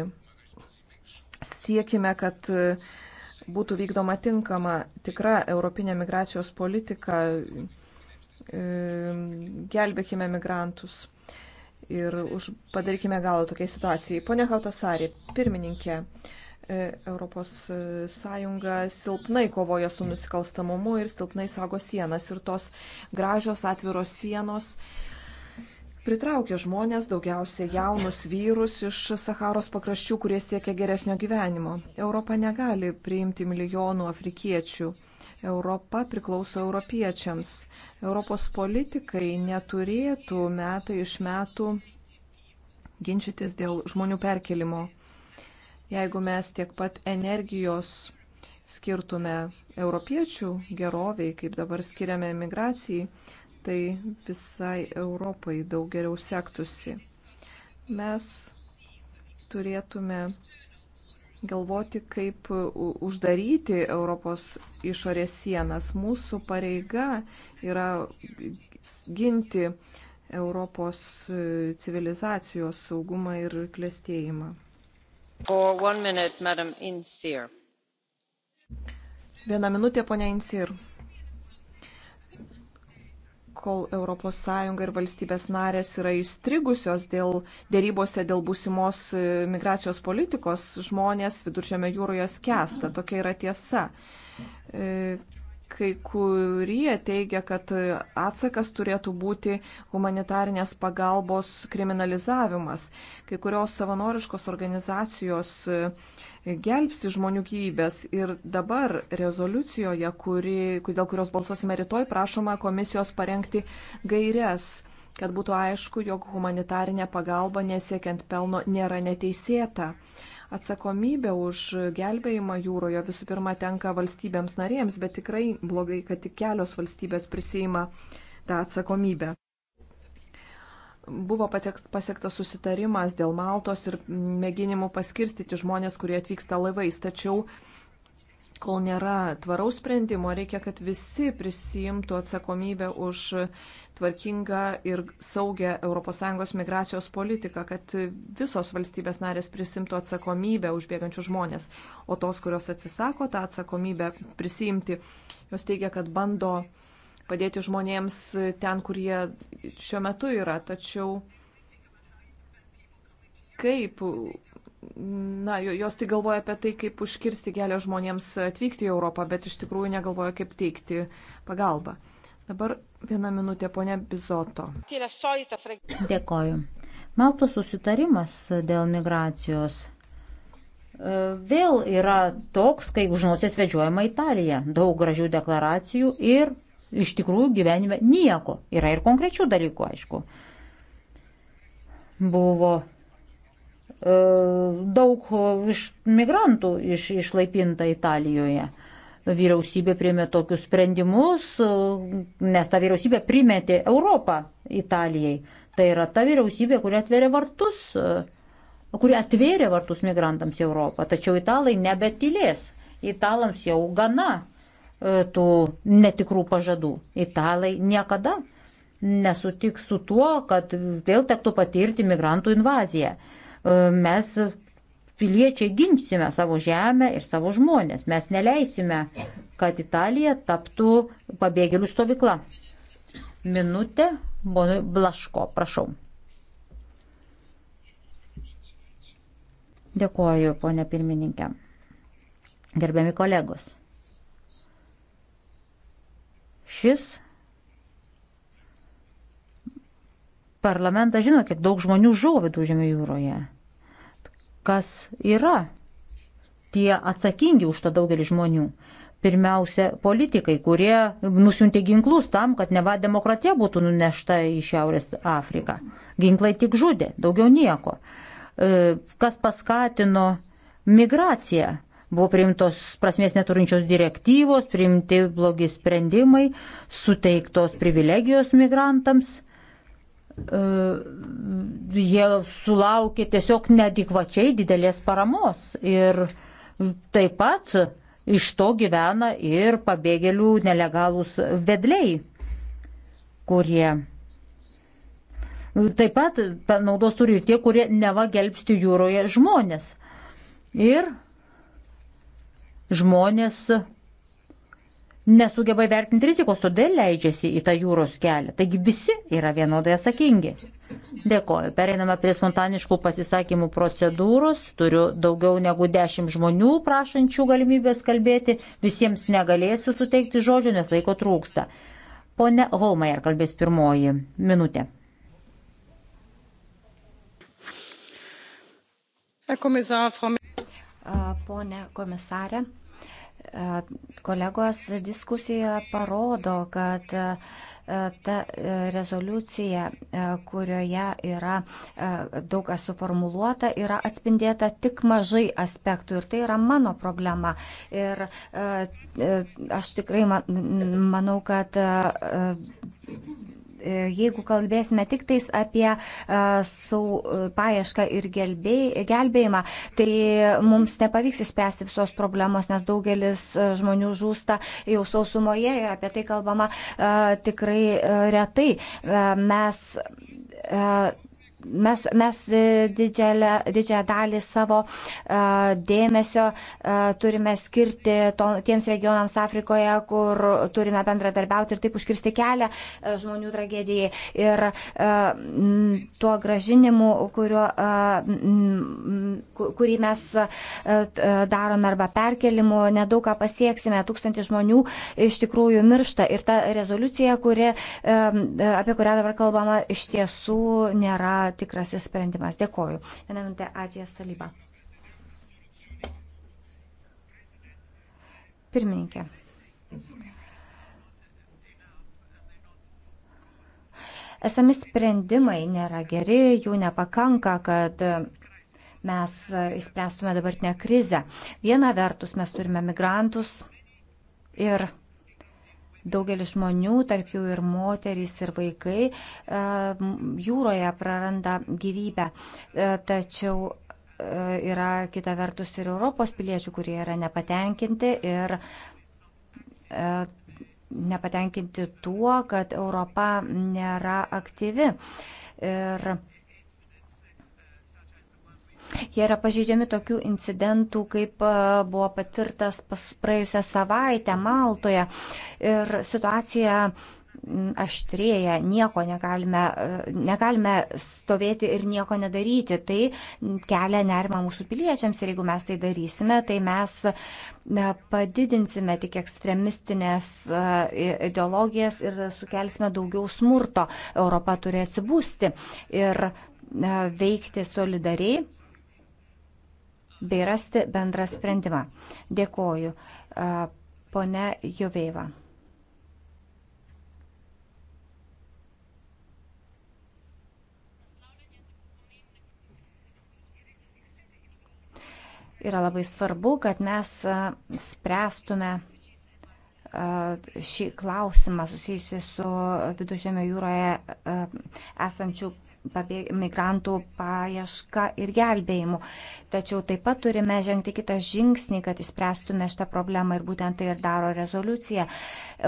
Siekime, kad būtų vykdoma tinkama, tikra europinė migracijos politika. E, gelbėkime migrantus ir už, padarykime galą tokiai situacijai. Pone Hautasari, pirmininkė, uh, ES e, silpnai kovoja su nusikalstamumu ir silpnai saugo sienas. Ir tos gražios atviros sienos pritraukia žmonės, daugiausia jaunus vyrus iš Saharos pakraščių, kurie siekia geresnio gyvenimo. Europa negali priimti milijonų afrikiečių. Europa priklauso europiečiams. Europos politikai neturėtų metai iš metų ginčytis dėl žmonių perkelimo Jeigu mes tiek pat energijos skirtume europiečių geroviai, kaip dabar skiriame migracijai, tai visai Europai daug geriau sektusi. Mes turėtume galvoti, kaip uždaryti Europos išorės sienas. Mūsų pareiga yra ginti Europos e, civilizacijos saugumą ir klėstėjimą. Minute, Viena minutė, ponia Insir. Kol ES ir valstybės narės yra įstrigusios dėl dėrybose dėl būsimos e, migracijos politikos, žmonės viduržėme jūroje skęsta. Tokia yra tiesa. E, Kai kurie teigia, kad atsakas turėtų būti humanitarinės pagalbos kriminalizavimas. Kai kurios savanoriškos organizacijos e, gelbsi žmonių gyvybės. Ir dabar rezoliucijoje, kuri, dėl kurios balsuosime rytoj, prašoma komisijos parengti gairias kad būtų aišku, jog humanitarinė pagalba nesiekiant pelno nėra neteisėta. Atsakomybė už gelbėjimą jūroje visų pirma tenka valstybėms narėms, bet tikrai blogai, kad tik kelios valstybės prisima tą atsakomybę. Buvo pasiektas susitarimas dėl Maltos ir mėginimų paskirstyti žmonės, kurie atvyksta laivais, tačiau uh, kol nėra tvaraus sprendimo, reikia, kad visi prisijimtų atsakomybę už tvarkingą ir saugę ES migracijos politiką, kad visos valstybės narės prisimtų atsakomybę už bėgančių žmonės. O tos, kurios atsisako tą atsakomybę prisimti, jos teigia, kad bando padėti žmonėms ten, kur jie šiuo metu yra. Tačiau kaip na, jos tai galvoja apie tai, kaip užkirsti kelią žmonėms atvykti į Europą, bet iš tikrųjų negalvoja, kaip teikti pagalbą. Dabar vieną minutę, ponė Bizoto. Dėkoju. Maltos susitarimas dėl migracijos e, vėl yra toks, kai už nosies vedžiojama Italija. Daug gražių deklaracijų ir iš tikrųjų gyvenime nieko. Yra ir konkrečių dalykų, aišku. Buvo E, daug iš migrantų iš, išlaipinta Italijoje. Vyriausybė priėmė tokius sprendimus, e, nes ta vyriausybė primetė Europą Italijai. Tai yra ta vyriausybė, kuri atverė vartus, e, kuri atvėrė vartus migrantams į Europą. Tačiau italai nebetylės. Italams jau gana tų netikrų pažadų. Italai niekada nesutiks su tuo, kad vėl tektų patirti migrantų invaziją mes piliečiai ginsime savo žemę ir savo žmonės. Mes neleisime, kad Italija taptų pabėgėlių stovykla. Minutė, bonui Blaško, prašau. Dėkuoju, ponė pirmininkė. Gerbiami kolegos. Šis parlamentas žino, kiek daug žmonių žuvo viduržėmio jūroje kas yra tie atsakingi už to daugelį žmonių. Pirmiausia, politikai, kurie nusiuntė ginklus tam, kad neva demokratija būtų nunešta į Šiaurės Afriką. Ginklai tik žudė, daugiau nieko. E, kas paskatino migraciją? Buvo priimtos prasmės neturinčios direktyvos, priimti blogi sprendimai, suteiktos privilegijos migrantams E, jie sulaukė tiesiog nedikvačiai didelės paramos ir taip pat iš to gyvena ir pabėgėlių nelegalūs vedliai, kurie taip pat naudos turi ir tie, kurie neva gelbsti jūroje žmonės. Ir žmonės nesugeba įvertinti rizikos, todėl leidžiasi į tą jūros kelią. Taigi visi yra vienodai atsakingi. Dėkoju. Pereiname prie spontaniškų pasisakymų procedūros. Turiu daugiau negu dešimt žmonių prašančių galimybės kalbėti. Visiems negalėsiu suteikti žodžio, nes laiko trūksta. Pone Holmajer kalbės pirmoji minutė. Pone komisarė, E, kolegos diskusijoje parodo, kad e, ta e, rezoliucija, kurioje yra daug kas suformuluota, yra atspindėta tik mažai aspektų ir tai yra mano problema. Ir aš tikrai manau, kad E, jeigu kalbėsime tik tais apie e, sau, e, paiešką ir gelbėjimą, tai mums nepavyks išspręsti visos problemos, nes daugelis žmonių žūsta jau sausumoje ir apie tai kalbama tikrai retai. Mes mes, mes e, didžiąją, didžiąją dalį savo e, dėmesio e, turime skirti to, tiems regionams Afrikoje, kur turime bendradarbiauti ir taip užkirsti kelią žmonių tragedijai. Ir tuo gražinimu, kurio, kurį mes darome arba perkelimu, nedaug ką pasieksime. Tūkstantis žmonių iš tikrųjų miršta. Ir ta rezoliucija, kuri, apie kurią dabar kalbama, iš tiesų nėra tikrasis sprendimas. Dėkoju. Vieną minutę Adžija Salyba. Pirmininkė. Esami sprendimai nėra geri, jų nepakanka, kad mes išspręstume dabartinę krizę. Viena vertus mes turime migrantus ir Daugelis žmonių, tarp jų ir moterys ir vaikai, e, jūroje praranda gyvybę. E, tačiau e, yra kita vertus ir Europos piliečių, kurie yra nepatenkinti ir nepatenkinti tuo, kad Europa nėra aktyvi. Ir Jie yra pažeidžiami tokių incidentų, kaip e, buvo patirtas praėjusią savaitę Maltoje. Ir situacija aštrėja, nieko negalime, e, negalime stovėti ir nieko nedaryti. Tai kelia nerima mūsų piliečiams ir jeigu mes tai darysime, tai mes padidinsime tik ekstremistinės e, ideologijas ir sukelsime daugiau smurto. Europa turi atsibūsti ir veikti solidariai bei rasti bendrą sprendimą. Dėkoju. Pone Joveiva. Yra labai svarbu, kad mes spręstume šį klausimą susijusi su viduržėmio jūroje esančių migrantų paieška ir gelbėjimu. Tačiau taip pat turime žengti kitą žingsnį, kad išspręstume šitą problemą ir būtent tai ir daro rezoliucija.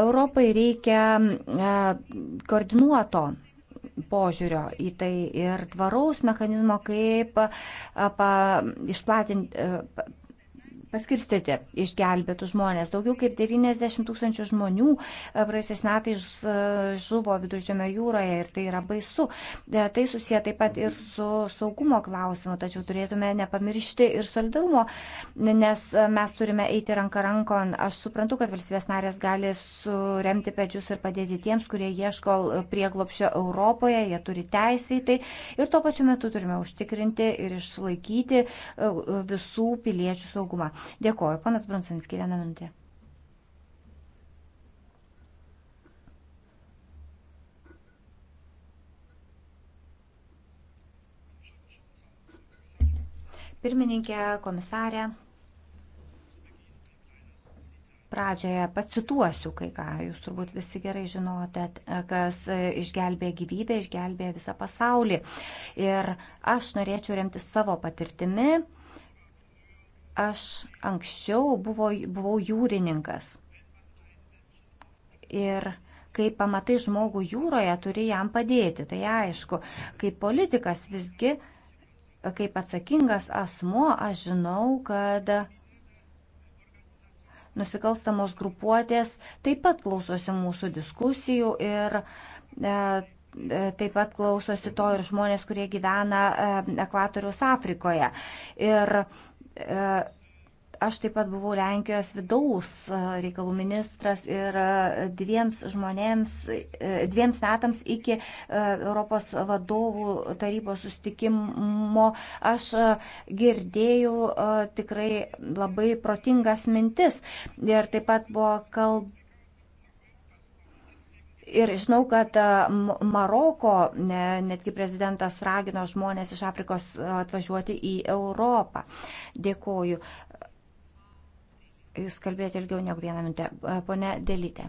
Europai reikia e, koordinuoto požiūrio į tai ir tvaraus mechanizmo, kaip e, pa, išplatinti, e, paskirstyti išgelbėtų žmonės. Daugiau kaip 90 tūkstančių žmonių e, praėjusiais metais e, žuvo viduržėme jūroje ir tai yra baisu. E, tai susiję taip pat ir su saugumo klausimu, tačiau turėtume nepamiršti ir solidarumo, nes mes turime eiti ranką rankon. Aš suprantu, kad valstybės narės gali suremti pečius ir padėti tiems, kurie ieško prieglopšio Europoje, jie turi teisę į tai ir tuo pačiu metu turime užtikrinti ir išlaikyti visų piliečių saugumą. Dėkoju, panas Brunsanskį, vieną minutę. Pirmininkė, komisarė, pradžioje pacituosiu kai ką, jūs turbūt visi gerai žinote, kas išgelbė gyvybę, išgelbė visą pasaulį. Ir aš norėčiau remti savo patirtimi Aš anksčiau buvo, buvau jūrininkas. Ir kai pamatai žmogų jūroje, turi jam padėti. Tai aišku, kaip politikas visgi, kaip atsakingas asmo, aš žinau, kad nusikalstamos grupuotės taip pat klausosi mūsų diskusijų ir e, e taip pat klausosi to ir žmonės, kurie gyvena e, ekvatoriaus Afrikoje. Ir E, aš taip pat buvau Lenkijos vidaus e, reikalų ministras ir e, dviems žmonėms, dviems metams iki Europos vadovų tarybos sustikimo aš girdėjau tikrai labai protingas mintis. Ir taip pat buvo kalba Ir žinau, kad e, Maroko netgi prezidentas ragino žmonės iš Afrikos e, atvažiuoti į Europą. Dėkoju. Jūs kalbėjote ilgiau negu vieną minutę. E, pone Delytė.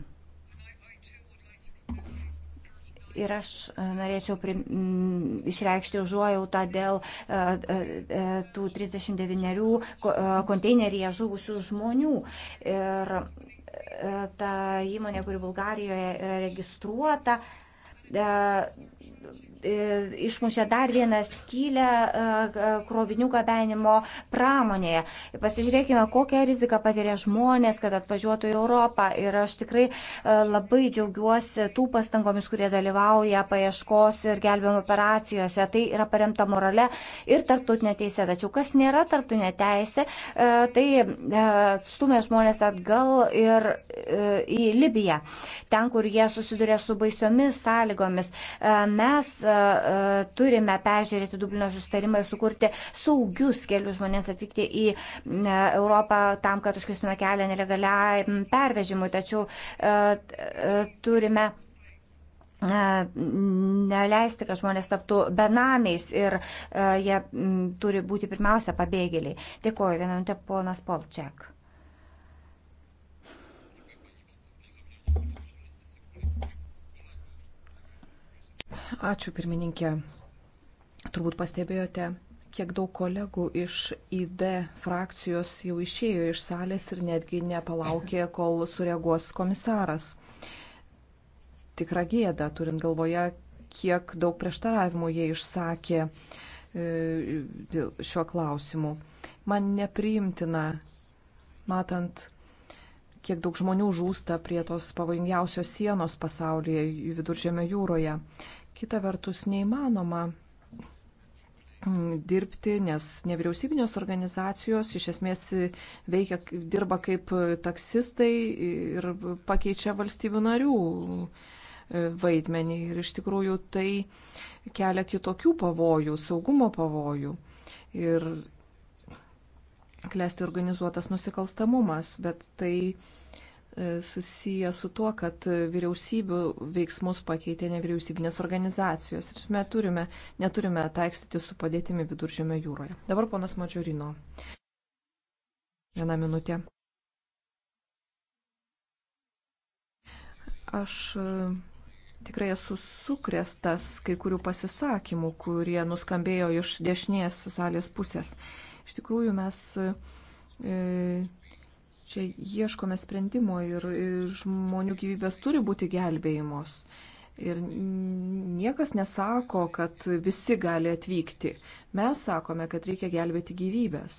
Ir aš norėčiau prim, išreikšti užuojautą dėl uh, uh, tų 39 konteineryje žuvusių žmonių. Ir E, ta įmonė, kuri Bulgarijoje yra registruota, e, E, išmušė dar vieną skylę e, e, krovinių gabenimo pramonėje. Pasižiūrėkime, kokią riziką patiria žmonės, kad atvažiuotų į Europą. Ir aš tikrai labai džiaugiuosi tų pastangomis, kurie dalyvauja paieškos ir gelbėjimo operacijose. Tai yra paremta morale ir tarptautinė teisė. Tačiau kas nėra tarptautinė teisė, tai stumia žmonės atgal ir į Libiją, ten, kur jie susiduria su baisiomis sąlygomis. Mes E, turime peržiūrėti Dublino sustarimą ir sukurti saugius kelius žmonėms atvykti į e, Europą tam, kad užkirstume kelią nelegaliam pervežimui. Tačiau e, turime neleisti, kad žmonės taptų benamiais ir jie turi būti pirmiausia pabėgėliai. Dėkuoju, vieną minutę ponas Polčiak. Ačiū pirmininkė. Turbūt pastebėjote, kiek daug kolegų iš ID frakcijos jau išėjo iš salės ir netgi nepalaukė, kol sureaguos komisaras. Tikra gėda, turint galvoje, kiek daug prieštaravimų jie išsakė e, šiuo klausimu. Man nepriimtina, matant, kiek daug žmonių žūsta prie tos pavojingiausios sienos pasaulyje, viduržėmio jūroje. Kita vertus, neįmanoma dirbti, nes nevyriausybinės organizacijos iš esmės veikia, dirba kaip taksistai ir pakeičia valstybių narių vaidmenį. Ir iš tikrųjų tai kelia kitokių pavojų, saugumo pavojų. Ir klesti organizuotas nusikalstamumas, bet tai E, susiję su tuo, kad vyriausybių veiksmus pakeitė nevyriausybinės organizacijos ir mes turime, neturime taikstyti su padėtimi viduržėmio jūroje. Dabar ponas Mačiorino. Viena minutė. Aš e, tikrai esu sukrestas kai kurių pasisakymų, kurie nuskambėjo iš dešinės salės pusės. Iš tikrųjų mes. E, Čia ieškome sprendimo ir, ir žmonių gyvybės turi būti gelbėjimos. Ir niekas nesako, kad visi gali atvykti. Mes sakome, kad reikia gelbėti gyvybės.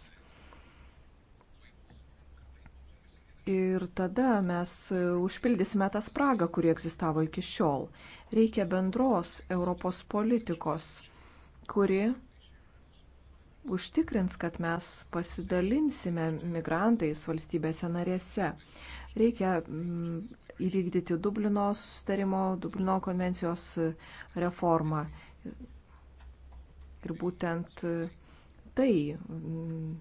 Ir tada mes užpildysime tą spragą, kuri egzistavo iki šiol. Reikia bendros Europos politikos, kuri užtikrins, kad mes pasidalinsime migrantais valstybėse narėse. Reikia mm, įvykdyti Dublino sustarimo, Dublino konvencijos e, reformą. Ir būtent e, tai mm,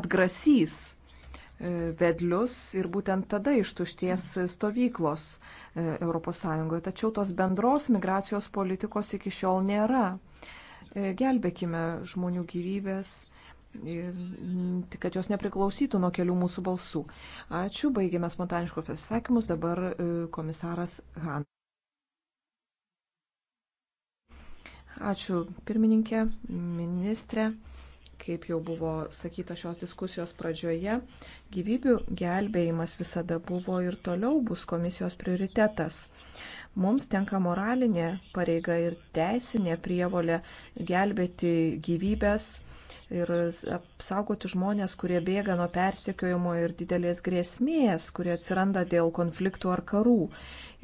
atgrasys e, vedlius ir būtent tada ištušties stovyklos ES. Tačiau tos bendros migracijos politikos iki šiol nėra. E, gelbėkime žmonių gyvybės, kad jos nepriklausytų nuo kelių mūsų balsų. Ačiū, baigėme spontaniškus pasisakymus, dabar e, komisaras Han. Ačiū pirmininkė, ministrė kaip jau buvo sakyta šios diskusijos pradžioje, gyvybių gelbėjimas visada buvo ir toliau bus komisijos prioritetas. Mums tenka moralinė pareiga ir teisinė prievolė gelbėti gyvybės ir apsaugoti žmonės, kurie bėga nuo persekiojimo ir didelės grėsmės, kurie atsiranda dėl konfliktų ar karų.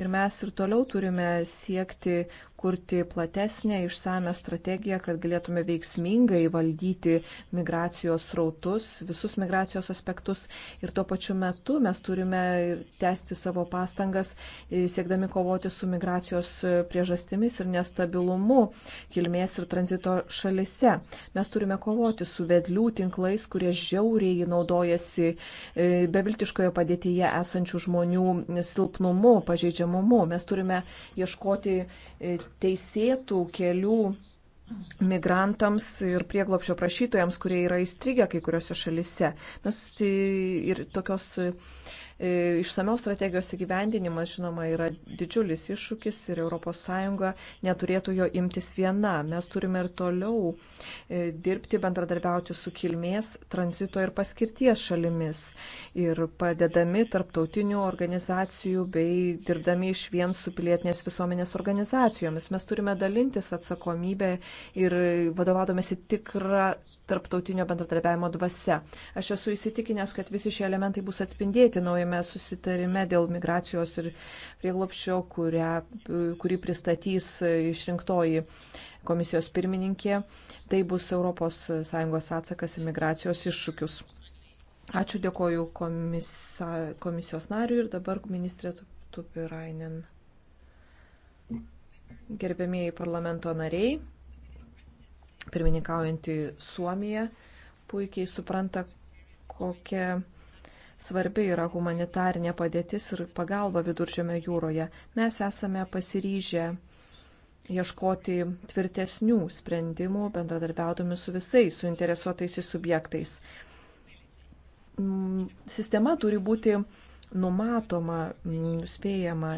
Ir mes ir toliau turime siekti kurti platesnę išsame strategiją, kad galėtume veiksmingai valdyti migracijos srautus, visus migracijos aspektus ir tuo pačiu metu mes turime tęsti savo pastangas, e, siekdami kovoti su migracijos e, priežastimis ir nestabilumu kilmės ir tranzito šalise. Mes turime kovoti su vedlių tinklais, kurie žiauriai naudojasi e, beviltiškoje padėtyje esančių žmonių silpnumu, pažeidžiamumu. Mes turime ieškoti teisėtų kelių migrantams ir prieglopšio prašytojams, kurie yra įstrigę kai kuriuose šalise. Mes tai, ir tokios E, išsamios strategijos įgyvendinimas, žinoma, yra didžiulis iššūkis ir ES neturėtų jo imtis viena. Mes turime ir toliau e, dirbti, bendradarbiauti su kilmės, tranzito ir paskirties šalimis ir padedami tarptautinių organizacijų bei dirbdami iš vien su pilietinės visuomenės organizacijomis. Mes turime dalintis atsakomybę ir vadovaudomėsi tikrą tarptautinio bendradarbiavimo dvasia. Aš esu įsitikinęs, kad visi šie elementai bus atspindėti naujame naujajame susitarime dėl migracijos ir prieglopščio, kurią, kurį pristatys išrinktoji komisijos pirmininkė. Tai bus ES atsakas į migracijos iššūkius. Ačiū, dėkoju komisa, komisijos nariui ir dabar ministrė Tupirainen. Gerbėmieji parlamento nariai, pirmininkaujantį Suomiją puikiai supranta, kokia svarbi yra humanitarinė padėtis ir pagalba viduržėme jūroje. Mes esame pasiryžę ieškoti tvirtesnių sprendimų, bendradarbiaudami su visais suinteresuotais subjektais. Mm, sistema turi būti numatoma, mm, nuspėjama,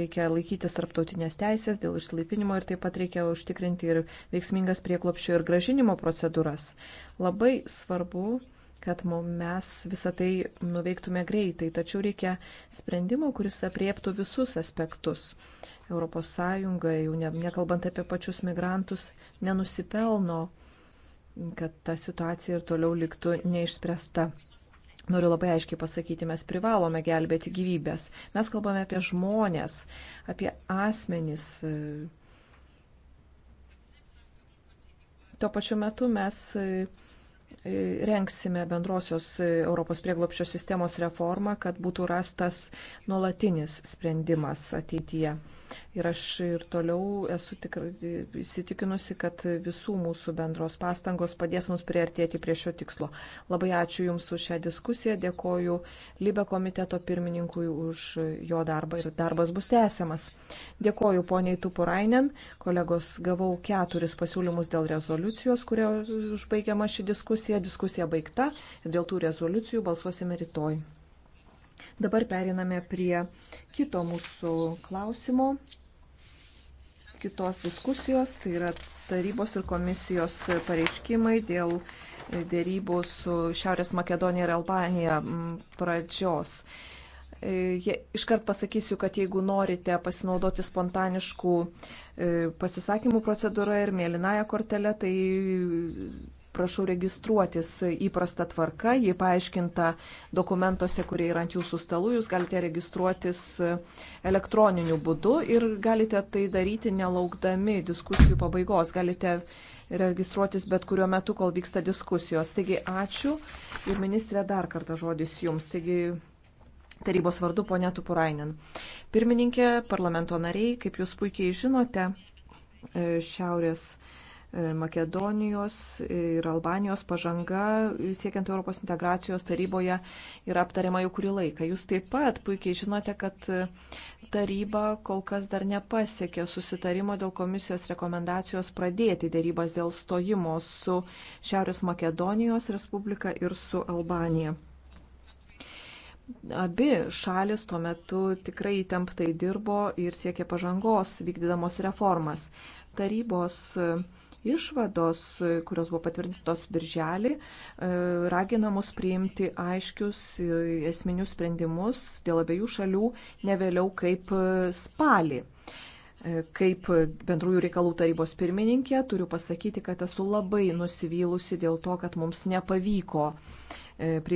reikia laikytis tarptautinės teisės dėl išlaipinimo ir taip pat reikia užtikrinti ir veiksmingas prieklopščio ir gražinimo procedūras. Labai svarbu kad mes visą tai nuveiktume greitai, tačiau reikia sprendimo, kuris apriektų visus aspektus. ES, jau ne, nekalbant apie pačius migrantus, nenusipelno, kad ta situacija ir toliau liktų neišspręsta. Noriu labai aiškiai pasakyti, mes privalome gelbėti gyvybės. Mes kalbame apie žmonės, apie asmenys. Tuo pačiu metu mes rengsime bendrosios Europos prieglopščio sistemos reformą, kad būtų rastas nuolatinis sprendimas ateityje. Ir aš ir toliau esu tikrai įsitikinusi, kad visų mūsų bendros pastangos padės mums priartėti prie šio tikslo. Labai ačiū Jums už šią diskusiją, dėkoju Libe komiteto pirmininkui už jo darbą ir darbas bus tęsiamas. Dėkoju poniai Tupurainen, kolegos gavau keturis pasiūlymus dėl rezoliucijos, kurio užbaigiama ši diskusija. Diskusija baigta ir dėl tų rezoliucijų balsuosime rytoj. Dabar periname prie kito mūsų klausimo, kitos diskusijos, tai yra tarybos ir komisijos pareiškimai dėl dėrybų su Šiaurės Makedonija ir Albanija pradžios. E, iškart pasakysiu, kad jeigu norite pasinaudoti spontaniškų e, pasisakymų procedūrą ir mėlynąją kortelę, tai prašau registruotis įprasta tvarka, ji paaiškinta dokumentuose, kurie yra ant jūsų stalų, jūs galite registruotis elektroniniu būdu ir galite tai daryti nelaukdami diskusijų pabaigos, galite registruotis bet kuriuo metu, kol vyksta diskusijos. Taigi ačiū ir ministrė dar kartą žodis jums. Taigi tarybos vardu ponė Tupurainen. Pirmininkė, parlamento nariai, kaip jūs puikiai žinote, e, Šiaurės Makedonijos ir Albanijos pažanga siekiant Europos integracijos taryboje yra aptariama jau kurį laiką. Jūs taip pat puikiai žinote, kad taryba kol kas dar nepasiekė susitarimo dėl komisijos rekomendacijos pradėti dėrybas dėl stojimo su Šiaurės Makedonijos Respublika ir su Albanija. Abi šalis tuo metu tikrai įtemptai dirbo ir siekė pažangos vykdydamos reformas. Tarybos uh, Išvados, kurios buvo patvirtintos birželį, e, ragina mus priimti aiškius ir e, esminius sprendimus dėl abiejų šalių ne vėliau kaip e, spalį. Kaip bendrųjų reikalų tarybos pirmininkė turiu pasakyti, kad esu labai nusivylusi dėl to, kad mums nepavyko priimti